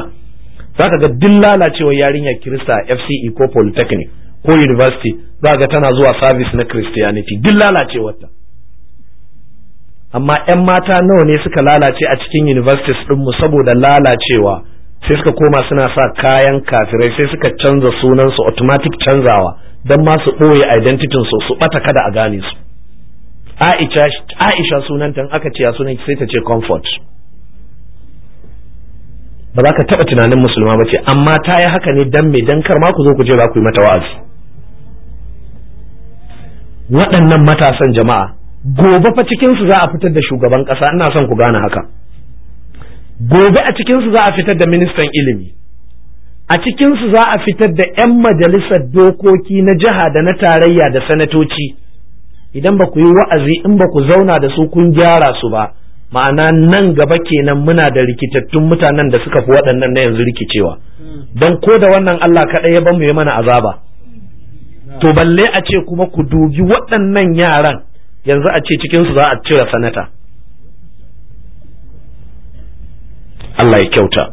za ka ga duk lalacewar yarinyar kirista fce ko polytechnic ko university za ga tana zuwa service na christianity duk ta. amma 'yan mata nawa ne suka lalace a cikin universities mu saboda lalacewa sai suka koma suna sa kayan kafirai sai suka canza sunansu automatic canzawa don masu ɓoye identitin su su ɓata kada a gane su aisha sunanta aka ce ya sunan sai ta ce comfort ba za ka taɓa tunanin musulma ba ce amma ta yi haka ne dan mai don kar ma ku zo ku je ba ku yi mata wa'azi waɗannan matasan jama'a gobe fa cikinsu za a fitar da shugaban ƙasa ina son ku gane haka gobe a cikinsu za a fitar da ministan ilimi a cikinsu za a fitar da 'yan majalisar dokoki na jiha da na tarayya da sanatoci idan ba ku yi wa'azi in ba ku zauna da su kun gyara su ba ma'ana nan gaba kenan muna da rikitattun mutanen da suka fi waɗannan na yanzu rikicewa don ko da wannan Allah kaɗai ya bamu ya mana azaba to balle a ce kuma ku dubi waɗannan yaran yanzu a ce cikinsu za a cire sanata Allah ya kyauta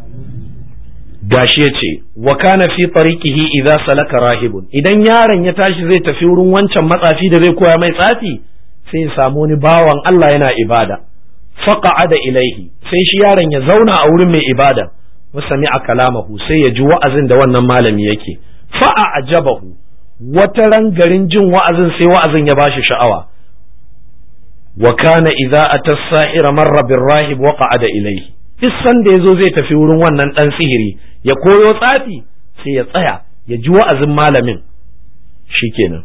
gashi ya ce wa kana fi tariqihi idza salaka rahibun idan yaron ya tashi zai tafi wurin wancan matsafi da zai koya mai tsafi sai ya samu wani bawan Allah yana ibada da ilaihi sai shi yaron ya zauna a wurin mai ibada wa a kalamahu sai ya ji wa'azin da wannan malami yake fa'a ajabahu wata ran garin jin wa'azin sai wa'azin ya bashi sha'awa wa kana idza atas sahira marra bir rahib da ilaihi duk sanda ya zo zai tafi wurin wannan ɗan sihiri ya koyo tsafi sai ya tsaya ya ji wa'azin malamin shikenan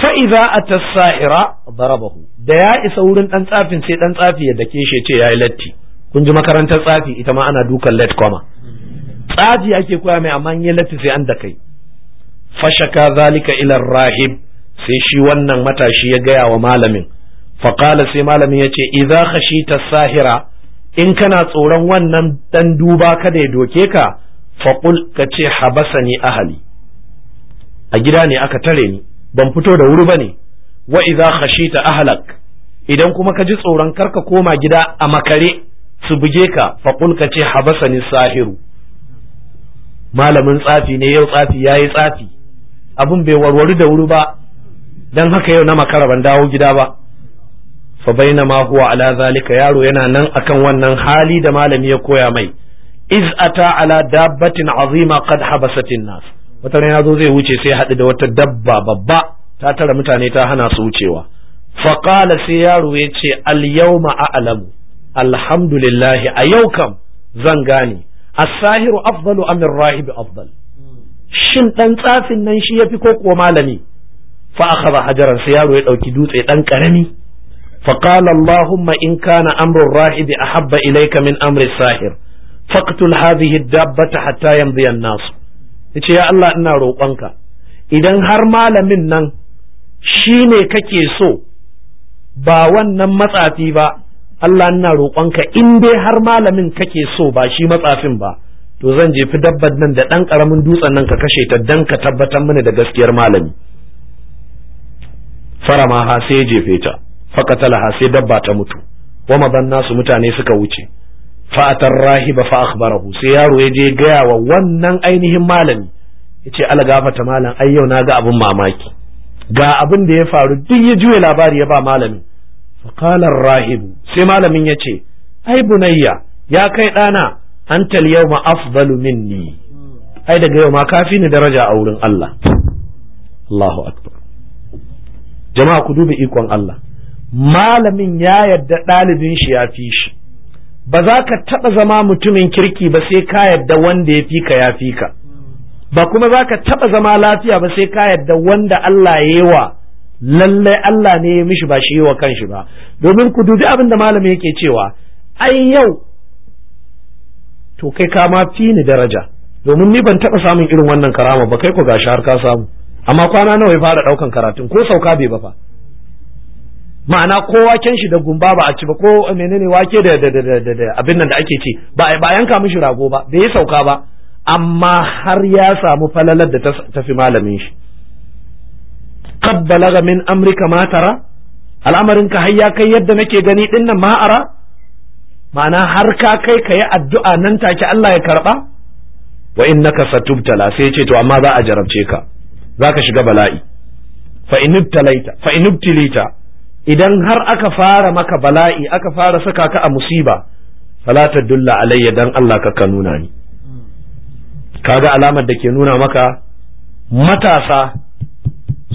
fa'iza a tasa'ira barabahu da ya isa wurin ɗan tsafin sai ɗan tsafi ya dake shi ce ya yi latti kun ji makarantar tsafi ita ma ana dukan let koma tsafi ake koya mai amma yi latti sai an da kai fashaka zalika ilar rahib sai shi wannan matashi ya gaya wa malamin faƙala sai malamin ya ce idza khashita sahira in kana tsoron wannan dan duba kada ya doke ka faƙul ka ce habasani ahali a gida ne aka tare ni ban fito da wuri bane wa idza khashita ahlak idan kuma ka ji tsoron karka koma gida a makare su buge ka faƙul ka ce habasani sahiru malamin tsafi ne yau tsafi yayi tsafi abin bai warware da wuri ba dan haka yau na makara ban dawo gida ba fa ma huwa ala zalika yaro yana nan akan wannan hali da malami ya koya mai iz ata ala dabbatin azima qad habasatin nas wata ya zo zai wuce sai haɗu da wata dabba babba ta tara mutane ta hana su wucewa fa qala sai yaro ya ce al yawma a'lamu alhamdulillah a yau kam zan gane as-sahiru afdalu am ar-rahib afdal shin dan tsafin nan shi yafi ko kuwa malami fa akhadha hajaran sai yaro ya dauki dutse dan karami فقال اللهم إن كان أمر الراهب أحب إليك من أمر الساهر فاقتل هذه الدابة حتى يمضي الناس yace ya Allah ina roƙonka idan har malamin nan shi ne kake so ba wannan matsafi ba Allah ina roƙonka in dai har malamin kake so ba shi matsafin ba to zan jefi dabbar nan da ɗan ƙaramin dutsen nan ka kashe ta dan ka tabbatar mini da gaskiyar malami farama ha sai ya jefe ta fakatalaha sai dabba ta mutu wa madan nasu mutane suka wuce fa'atar rahiba fa akhbarahu sai yaro ya je gaya wa wannan ainihin malami yace algafata malam ai yau na ga abin mamaki ga abin da ya faru duk ya juya labari ya ba malami qala rahibu sai malamin yace ce ai bunayya ya kai ɗana antal yau ma afdalu minni ai daga yau ma kafi ni daraja a wurin Allah Allahu akbar jama'a ku duba ikon Allah malamin ya yarda ɗalibin shi ya fi shi ba za ka taɓa zama mutumin kirki ba sai ka yadda wanda ya fi ka ya fi ka ba kuma za ka taɓa zama lafiya ba sai ka yarda wanda Allah ya yi wa lallai Allah ne ya mishi ba shi yi wa kanshi ba domin ku dubi abin da malami yake cewa ai yau to kai ka ma fi ni daraja domin ni ban taɓa samun irin wannan karama ba kai ku gashi har ka samu amma kwana nawa ya fara ɗaukan karatun ko sauka bai ba fa ma'ana ko waken shi da gumba ba a ci ba ko menene wake da abin nan da ake ce ba a yanka mishi rago ba bai sauka ba amma har ya samu falalar da ta fi malamin shi qad min amrika ma tara al'amarin ka har ya kai yadda nake gani din nan ma'ara ma'ana har ka kai ka yi addu'a nan take Allah ya karba wa innaka satubtala sai ya ce to amma za a jarabce ka zaka shiga bala'i fa inubtalaita fa inubtilita idan har aka fara maka bala'i aka fara saka ka a musiba fala dulla alayya dan Allah ka ka nuna ni kaga alamar da ke nuna maka matasa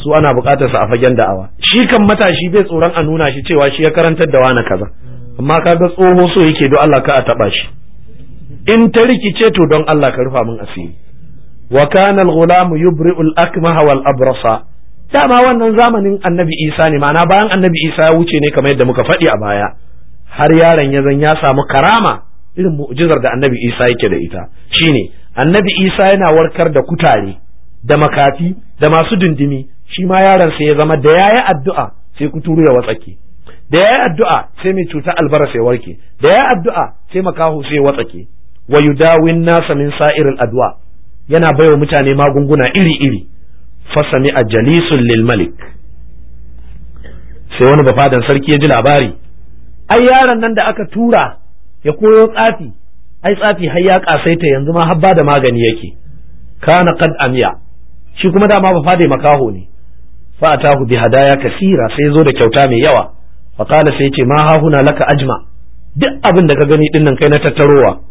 su ana bukatar sa a fagen da'awa shi kan matashi bai tsoron a nuna shi cewa shi ya karantar da wani kaza amma kaga tsoho so yake don Allah ka a taba shi in ta rikice to don Allah ka rufa min asiri wa kana al ghulamu yubri'u al-akmaha wal abrasa dama wannan zamanin annabi isa ne ma'ana bayan annabi isa ya wuce ne kamar yadda muka faɗi a baya har yaron ya zan ya samu karama irin mu'jizar da annabi isa yake da ita shine annabi isa yana warkar da kutare da makafi da masu dindimi shi ma yaron sai ya zama da yayi addu'a sai kuturu ya watsake da yayi addu'a sai mai cuta albara sai warke da yayi addu'a sai makahu sai watsake wa yudawin nasa min sa'iril adwa yana baiwa mutane magunguna iri iri fasami a jalisun lil malik sai wani bafadan sarki ya ji labari ai yaron nan da aka tura ya koyo tsafi ai tsafi har ya kasaita yanzu ma habba da magani yake kana qad amiya shi kuma dama ba fadai makaho ne fa atahu bi hadaya kasira sai zo da kyauta mai yawa fa kana sai ce ma hahuna laka ajma duk abin da ka gani din nan kai na tattarowa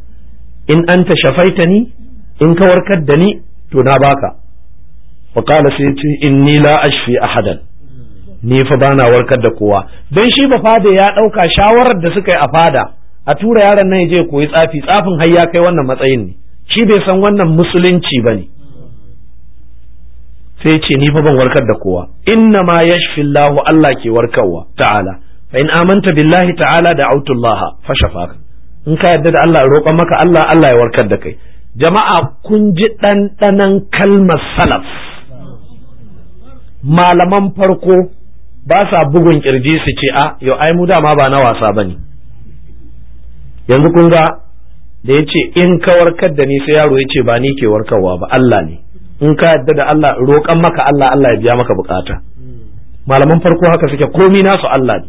in anta shafaitani in ka warkar da ni to na baka wa qala sai in ni la ashfi ahadan ni fa bana warkar da kowa dan shi ba fada ya dauka shawarar da suka yi a fada a tura yaron nan ya je koyi tsafi tsafin har kai wannan matsayin ne shi bai san wannan musulunci bane sai ce ni fa ban warkar da kowa inna ma yashfi Allahu Allah ke warkarwa ta'ala fa in amanta billahi ta'ala da autullah fa shafak in ka yarda da Allah roƙon maka Allah Allah ya warkar da kai jama'a kun ji ɗanɗanan kalmar salaf malaman farko ba sa bugun kirji su ce a ah, yau ai mu dama ba na wasa ba ne yanzu kun ga da ya ce in ka warkar da ni sai yaro ya ce ba ni ke warkarwa ba Allah ne in ka yadda da Allah roƙan maka Allah Allah ya biya maka bukata malaman farko haka suke komi nasu Allah ne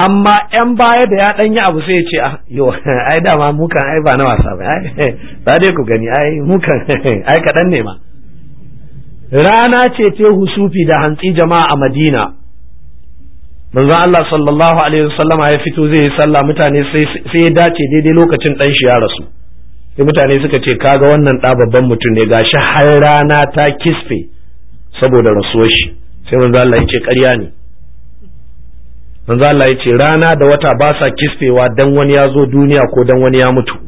amma yan baya da ya dan yi abu sai ya ce ah yo ai dama mukan ai ba na wasa ba ai ba dai ku gani ai mukan ai kadan ne ma rana ce ta husufi da hantsi jama'a a madina manzo Allah sallallahu alaihi wasallam ya fito zai yi sallah mutane sai ya dace daidai lokacin dan shi ya rasu sai mutane suka ce kaga wannan da babban mutum ne gashi har rana ta kisfe saboda rasuwar shi sai manzo Allah ya ce ƙarya ne manzo Allah ya ce rana da wata ba sa kisfewa dan wani ya zo duniya ko dan wani ya mutu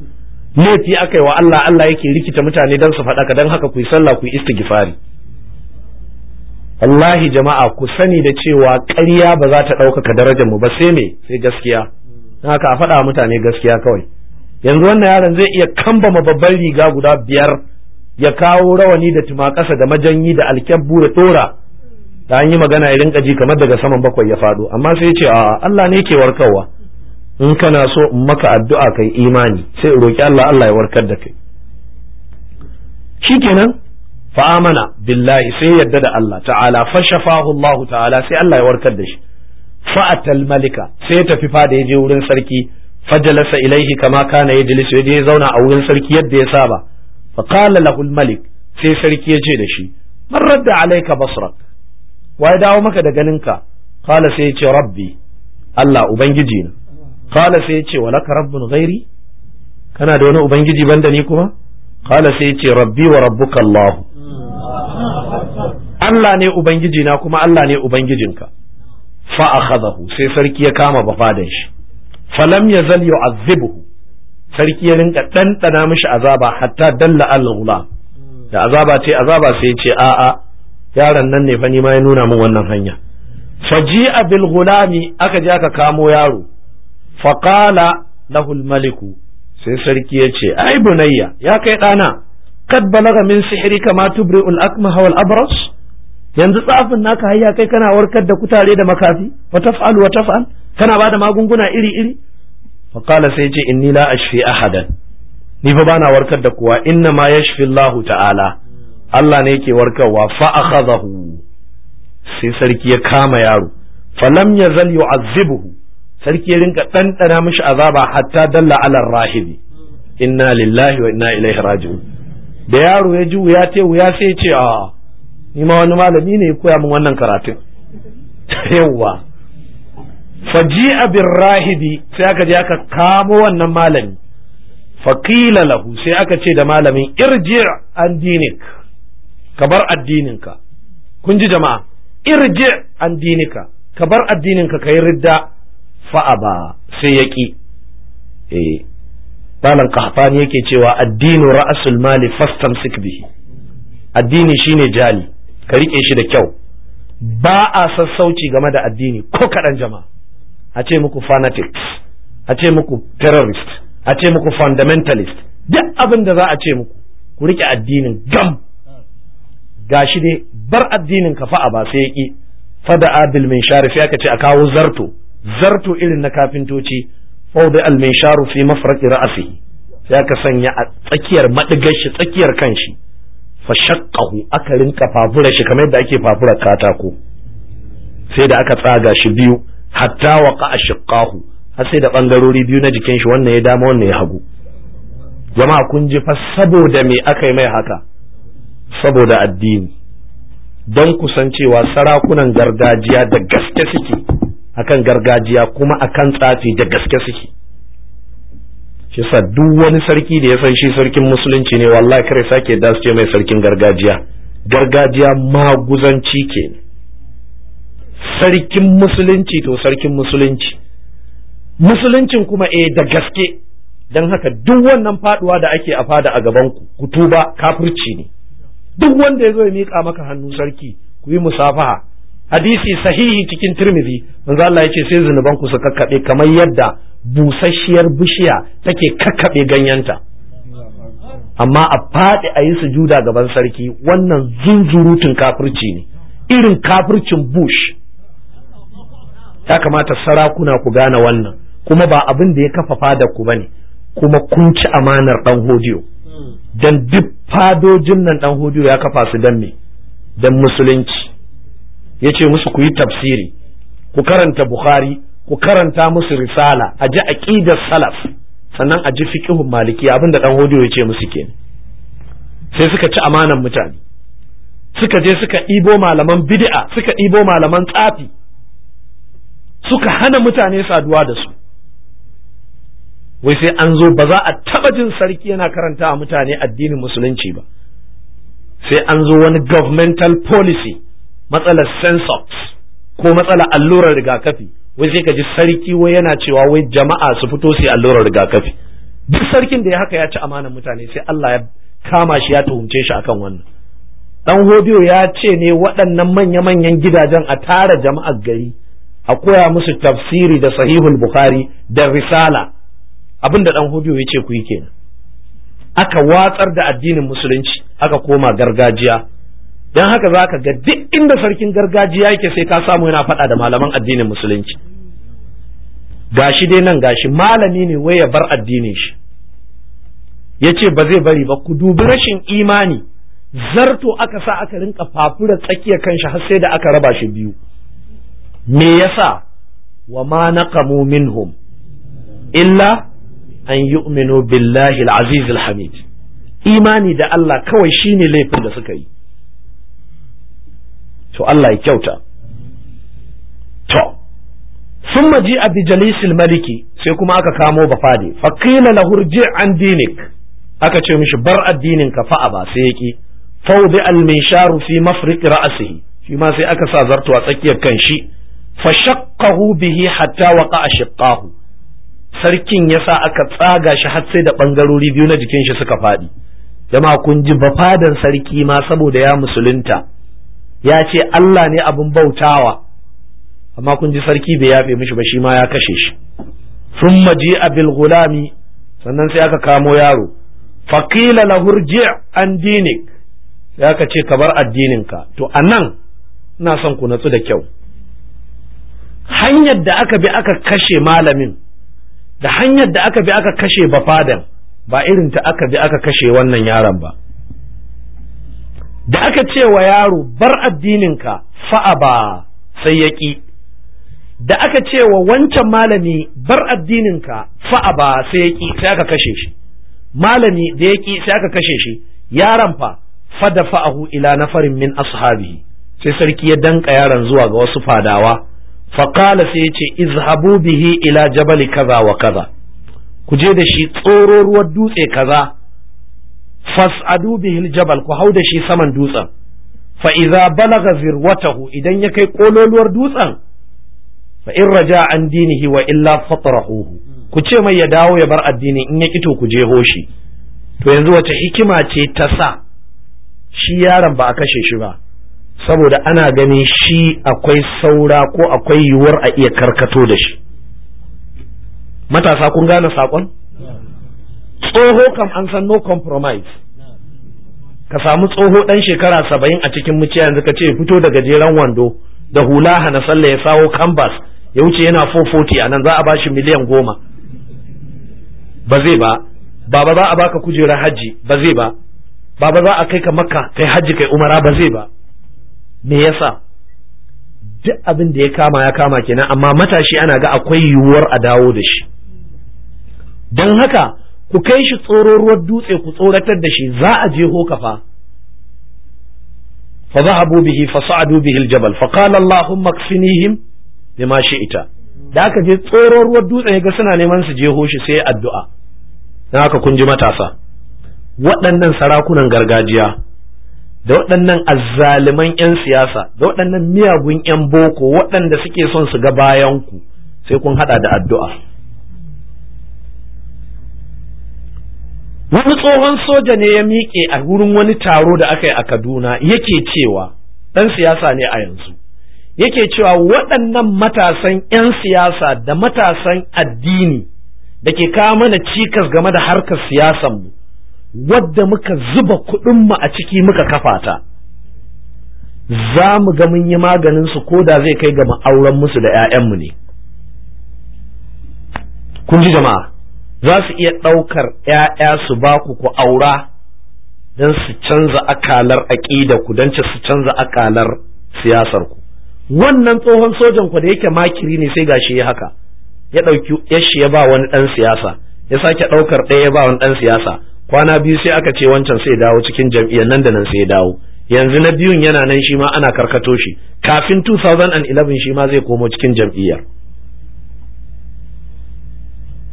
laifi aka yi wa Allah Allah yake rikita mutane dan su faɗaka dan haka ku yi sallah ku yi istighfari wallahi jama'a ku sani da cewa ƙarya ba za ta ɗaukaka darajar mu ba sai me sai gaskiya haka a faɗa mutane gaskiya kawai yanzu wannan yaron zai iya kambama babban riga guda biyar ya kawo rawani da tumakasa da majanyi da alkyabbu da ɗora da an yi magana ya rinka ji kamar daga saman bakwai ya faɗo amma sai ce a Allah ne ke warkarwa in kana so in maka addu'a kai imani sai roki Allah Allah ya warkar da kai shikenan fa amana billahi sai yadda da Allah ta'ala fa shafahu Allah ta'ala sai Allah ya warkar da shi fa atal malika sai ya tafi fada ya je wurin sarki fajalasa ilaihi kama kana yajlisu ya je zauna a wurin sarki yadda ya saba fa qala lahu malik sai sarki ya ce da shi man radda alayka basrak wa dawo maka da ganinka qala sai ya ce rabbi Allah ubangiji na qala sai ya ce walaka rabbun ghairi kana da wani ubangiji banda ni kuma qala sai ya ce rabbi wa rabbuka Allah Allah ne ubangiji na kuma Allah ne ubangijinka fa akhadahu sai sarki ya kama bafadan shi falam yazal yu'azzibuhu sarki ya rinka ɗanɗana mishi azaba hatta dalla Allah da azaba ce azaba sai ce a'a yaron nan ne fa ma ya nuna min wannan hanya faji a Bilgulami aka je aka kamo yaro Faƙala lahul maliku sai sarki ya ce ai bunayya ya kai ɗana kad balaga min sihiri kama tubri'u al-akmaha wal yanzu tsafin naka hayya kai kana warkar da kutare da makafi wa taf'al wa taf'al kana bada magunguna iri iri fa qala sai ce inni la ashfi ahadan ni fa bana warkar da kowa inna ma yashfi Allahu ta'ala Allah ne yake warkarwa fa akhadahu sai sarki ya kama yaro falam yazal yu'azzibuhu sarki ya rinka ɗanɗana mishi azaba hatta dalla ala rahibi inna lillahi wa inna ilaihi raji'un da yaro ya ji wuya te wuya sai ce a ni ma wani malami ne ya koya min wannan karatun yawwa faji abin rahibi sai aka je aka kamo wannan malami faƙila lahu sai aka ce da malamin irji an dinik ka bar addininka kun ji jama'a irji an dinika ka bar addininka ka yi ridda fa'a ba sai ya ƙi malam kahfani yake cewa addinu ra'asul mali fastamsik bihi addini shine jali ka rike shi da kyau ba a sassauci game da addini ko kaɗan jama'a a ce muku fanatics a ce muku terrorist a ce muku fundamentalist duk abin da za a ce muku ku rike addinin gam gashi dai bar addinin ka fa a ba sai ya ki fada abil min sharif ya ce a kawo zarto zarto irin na kafintoci mawdi al-misharu fi mafraqi ra'sihi ya aka sanya a tsakiyar madigar shi tsakiyar kanshi fa shaqqahu aka rinka fafura shi kamar yadda ake fafura katako sai da aka tsaga shi biyu hatta a ashqahu har sai da bangarori biyu na jikin shi wannan ya dama wannan ya hagu jama'a kun ji fa saboda me aka yi mai haka saboda addini don kusan cewa sarakunan gargajiya da gaske suke akan gargajiya kuma akan tsafi da gaske suke shi sa duk wani sarki da ya san shi sarkin musulunci ne wallahi kare sake da su ce mai sarkin gargajiya gargajiya ma guzanci ke sarkin musulunci to sarkin musulunci musuluncin kuma eh da gaske don haka duk wannan faduwa da ake a fada a gaban ku ku tuba kafirci ne duk wanda ya zo ya miƙa maka hannu sarki ku yi musafaha hadisi sahihi cikin tirmidhi manzo Allah ya ce sai zunuban ku su kakkabe kamar yadda busasshiyar bishiya take kakkabe ganyanta. amma a faɗi a yi sujuda gaban sarki wannan zunzurutun kafirci ne irin kafircin bush ya kamata sarakuna ku gane wannan kuma ba abin da ya kafa fada ku bane kuma kun ci amanar dan hodiyo dan duk fadojin nan dan hodiyo ya kafa su dan me dan musulunci ya ce musu ku yi tafsiri ku karanta bukhari ku karanta musu risala a ji aqidar salaf sannan a ji fiqhun maliki abinda dan hodiyo ya ce musu ke. sai suka ci amanan mutane suka je suka ibo malaman bid'a suka ibo malaman tsafi suka hana mutane saduwa da su wai sai an zo ba za a taɓa jin sarki yana karanta a mutane addinin musulunci ba sai an zo wani governmental policy matsalar sensox ko matsalar allurar rigakafi wai sai ka ji sarki wai yana cewa wai jama'a su fito su allurar rigakafi duk sarkin da ya haka ya ci amanar mutane sai Allah ya kama shi ya tuhumce shi akan wannan dan hodiyo ya ce ne waɗannan manya-manyan gidajen a tara jama'ar gari a koya musu tafsiri da sahihul bukhari da risala abin da dan hodiyo ya ce ku yi kenan aka watsar da addinin musulunci aka koma gargajiya don haka za ka ga duk inda sarkin gargajiya yake sai ka samu yana faɗa da malaman addinin musulunci gashi dai nan gashi malami ne wai ya bar addinin shi ya ce ba zai bari ba ku dubi rashin imani zarto aka sa aka rinka fafura tsakiyar kanshi har sai da aka raba shi biyu me yasa wa ma naqamu minhum illa an yu'minu billahi al-aziz al-hamid imani da Allah kawai shine laifin da suka yi to Allah ya kyauta to sun maji a bijalisil maliki sai kuma aka kamo bafade faƙila na hurji an dinik aka ce mishi bar addinin ka fa'a ba sai ya fau bi al sharu fi mafriq ra'sihi shi ma sai aka sa zarto a tsakiyar kan shi fa shakkahu bihi hatta ka a sarkin ya sa aka tsaga shi har sai da ɓangarori biyu na jikin shi suka faɗi jama'a kun ji ba fadan sarki ma saboda ya musulunta ya ce Allah ne abin bautawa amma kun ji sarki bai yafe mishi ba shi ma ya kashe shi sun maji a gulami sannan sai aka kamo yaro faƙila lahurji an dinik sai aka ce ka bar addininka to a nan ina son ku natsu da kyau hanyar da aka bi aka kashe malamin da hanyar da aka bi aka kashe bafadan ba irin ta aka bi aka kashe wannan yaron ba da aka ce wa yaro bar addininka fa'aba sai ya ƙi da aka ce wa wancan malami bar addininka fa'aba sai ya ƙi sai aka kashe shi malami da ya ƙi sai aka kashe shi yaron fa fada fa'ahu ila nafarin min ashabihi sai sarki ya danka yaron zuwa ga wasu fadawa faƙala sai ya ce izhabu bihi ila jabali kaza wa kaza ku je da shi tsoro ruwan dutse kaza fas'adu bihil jabal ku hau da shi saman dutsen fa idza balagha zirwatahu idan ya kai kololuwar dutsen fa in raja an dinihi wa illa fatrahuhu ku ce mai ya dawo ya bar addini in ya kito ku je hoshi to yanzu wace hikima ce ta sa shi yaron ba a kashe shi ba saboda ana ganin shi akwai saura ko akwai yiwuwar a iya karkato da shi matasa kun gane saƙon tsoho kam an san no compromise ka samu tsoho dan shekara saba'in a cikin muciya yanzu ka ce fito da gajeren wando da hula hana sallah ya sawo canvas ya wuce yana 440 a nan za a bashi miliyan goma ba zai ba baba za a baka kujerar hajji ba zai ba baba za a kai ka makka kai hajji kai umara ba zai ba me yasa duk abin da ya kama ya kama kenan amma matashi ana ga akwai yiwuwar a dawo da shi don haka ku kai shi tsoro ruwan dutse ku tsoratar da shi za a je ho kafa fa zahabu bihi fa sa'adu bihi aljabal fa qala allahumma ma bima shi'ta da aka je tsororuwar ruwan dutse ga suna neman su jeho shi sai addu'a dan haka kun ji matasa waɗannan sarakunan gargajiya da waɗannan azzaliman 'yan siyasa da waɗannan miyagun 'yan boko waɗanda suke son su ga bayan ku sai kun haɗa da addu'a wani tsohon soja ne ya miƙe a wurin wani taro da aka yi a kaduna yake cewa ɗan siyasa ne a yanzu yake cewa waɗannan matasan 'yan siyasa da matasan addini da ke kawo mana cikas game da harkar siyasanmu wadda muka zuba kuɗinmu a ciki muka kafa ta za mu ga mun yi maganin su ko da zai kai ga ma'auran musu da 'ya'yanmu ne kun ji jama'a za su iya ɗaukar ‘ya'ya su ba ku ku aura don su canza akalar aƙida ku don su canza akalar siyasar ku wannan tsohon sojan ku da yake makiri ne sai gashi ya haka ya ɗauki yashi ya ba wani ɗan siyasa ya sake ɗaukar ɗaya ya ba wani ɗan siyasa kwana biyu sai aka ce wancan sai dawo cikin jam'iyyar nan da nan sai dawo yanzu na biyun yana nan shi ma ana karkato shi kafin 2011 shi ma zai komo cikin jam'iyyar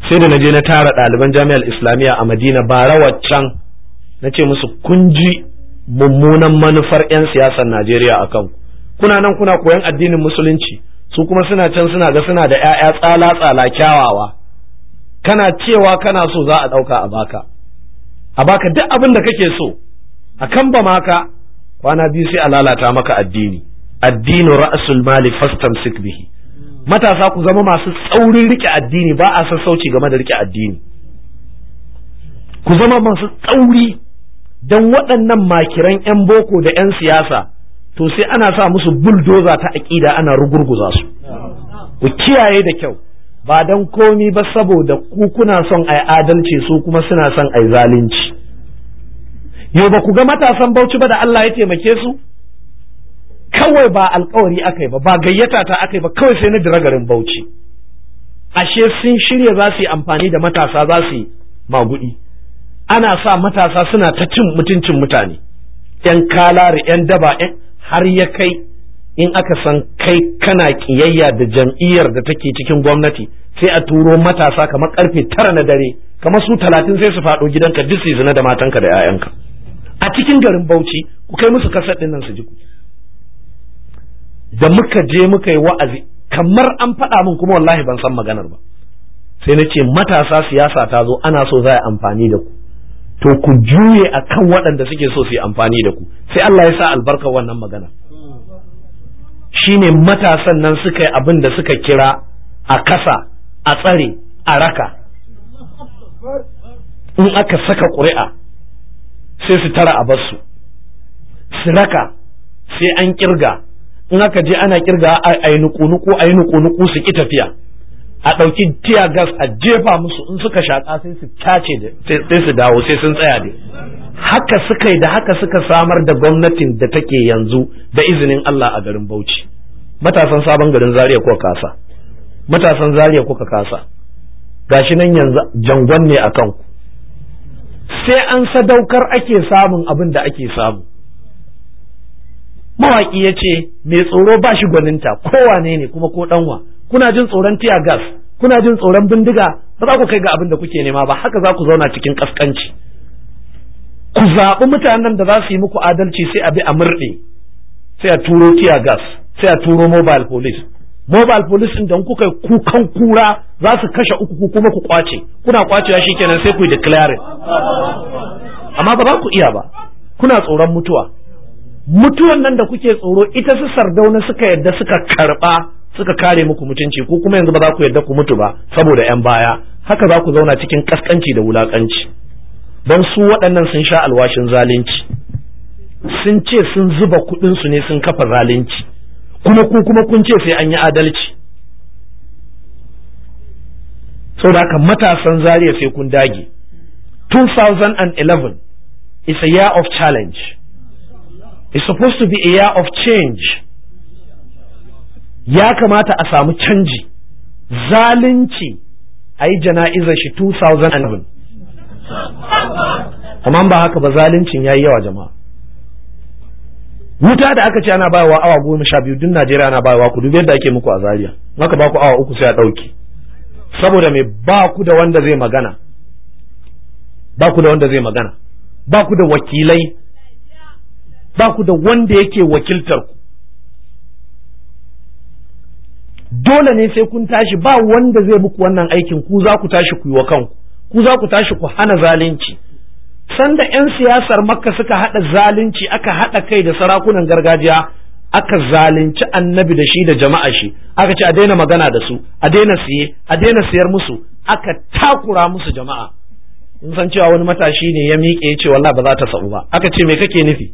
sai da na je na tara ɗaliban jami'ar islamiyya a madina bara waccan na ce musu kun ji mummunan manufar 'yan siyasar najeriya a kan kuna nan kuna koyan addinin musulunci su kuma suna can suna ga suna da 'ya'ya tsala tsala kyawawa kana cewa kana so za a ɗauka a baka a baka duk abin da kake so a kan ba maka kwana biyu sai a lalata maka addini addinu ra'asul mali fastamsik bihi matasa ku zama masu tsaurin rike addini ba a sassauci game da rike addini ku zama masu tsauri don waɗannan makiran 'yan boko da 'yan siyasa to sai ana sa musu buldoza ta aƙida ana rugurguza su ku kiyaye da kyau ba don komi ba saboda ku kuna son ai adalci su kuma suna son ai zalunci yau ba ku ga matasan bauchi ba da Allah ya taimake su kawai ba alkawari aka yi ba ba gayyata ta aka yi ba kawai sai na dira garin bauchi ashe sun shirya za su yi amfani da matasa za su yi magudi ana sa matasa suna ta cin mutuncin mutane yan kalari yan daba har ya kai in aka san kai kana kiyayya da jam'iyyar da take cikin gwamnati sai a turo matasa kamar karfe tara na dare kamar su talatin sai su faɗo gidanka duk su zina da matanka da 'ya'yanka a cikin garin bauchi ku kai musu kasar ɗin nan su ji ku da muka je muka yi wa'azi kamar an faɗa min kuma wallahi ban san maganar ba sai na ce matasa siyasa ta zo ana so za a amfani da ku to ku juye a kan waɗanda suke so su yi amfani da ku sai Allah ya sa albarka wannan magana shine matasan nan suka yi abin da suka kira a kasa a tsare a raka in aka saka ƙuri'a sai su tara a barsu. su raka sai an kirga in aka je ana kirga a yi nuku-nuku a yi nuku su ki tafiya a ɗauki tiya gas a jefa musu in suka shaƙa sai su tace sai su dawo sai sun tsaya dai haka suka yi da haka suka samar da gwamnatin da take yanzu da izinin Allah a garin Bauchi matasan sabon garin Zaria kuka kasa matasan Zaria kuka kasa gashi nan yanzu jangon ne akan ku sai an sadaukar ake samun abin da ake samu mawaƙi ya ce mai tsoro ba shi gwaninta kowane ne kuma ko ɗanwa kuna jin tsoron tiya gas kuna jin tsoron bindiga ba za ku kai ga abin da kuke nema ba haka za ku zauna cikin kaskanci ku zaɓi mutanen da za su yi muku adalci sai a bi a murɗe sai a turo tiya gas sai a turo mobile police mobile police din don kuka kukan kura za su kashe uku ku kuma ku kwace kuna kwacewa shi shikenan sai ku yi declaring amma ba za ku iya ba kuna tsoron mutuwa mutuwan nan da kuke tsoro ita su sardauna suka yadda suka karɓa suka kare muku mutunci ko kuma yanzu ba za ku yadda ku mutu ba saboda yan baya haka za ku zauna cikin kaskanci da wulakanci don su waɗannan sun sha alwashin zalunci sun ce sun zuba kuɗin su ne sun kafa zalunci kuma ku kuma kun ce sai an yi adalci saboda haka matasan zariya sai kun dage 2011 is a year of challenge is supposed to be a year of change ya kamata a samu canji zalunci a yi jana'izar shi 2011 amma ba haka ba zaluncin ya yi yawa jama'a wuta da aka ce ana bayarwa awa goma sha biyu duk najeriya ana bayarwa ku dubi yadda ake muku a zaria maka ba ku awa uku sai a ɗauki saboda me ba ku da wanda zai magana ba ku da wanda zai magana ba ku da wakilai ba ku da wanda yake wakiltar ku dole ne sai kun tashi ba wanda zai muku wannan aikin ku za ku tashi ku yi wa kanku ku za ku tashi ku hana zalunci sanda 'yan siyasar makka suka haɗa zalunci aka haɗa kai da sarakunan gargajiya aka zalunci annabi da shi da jama'a shi aka ce a daina magana da su a daina siye a daina siyar musu aka takura musu jama'a in san cewa wani matashi ne ya miƙe ya ce wallahi ba za ta sa'u ba aka ce me kake nufi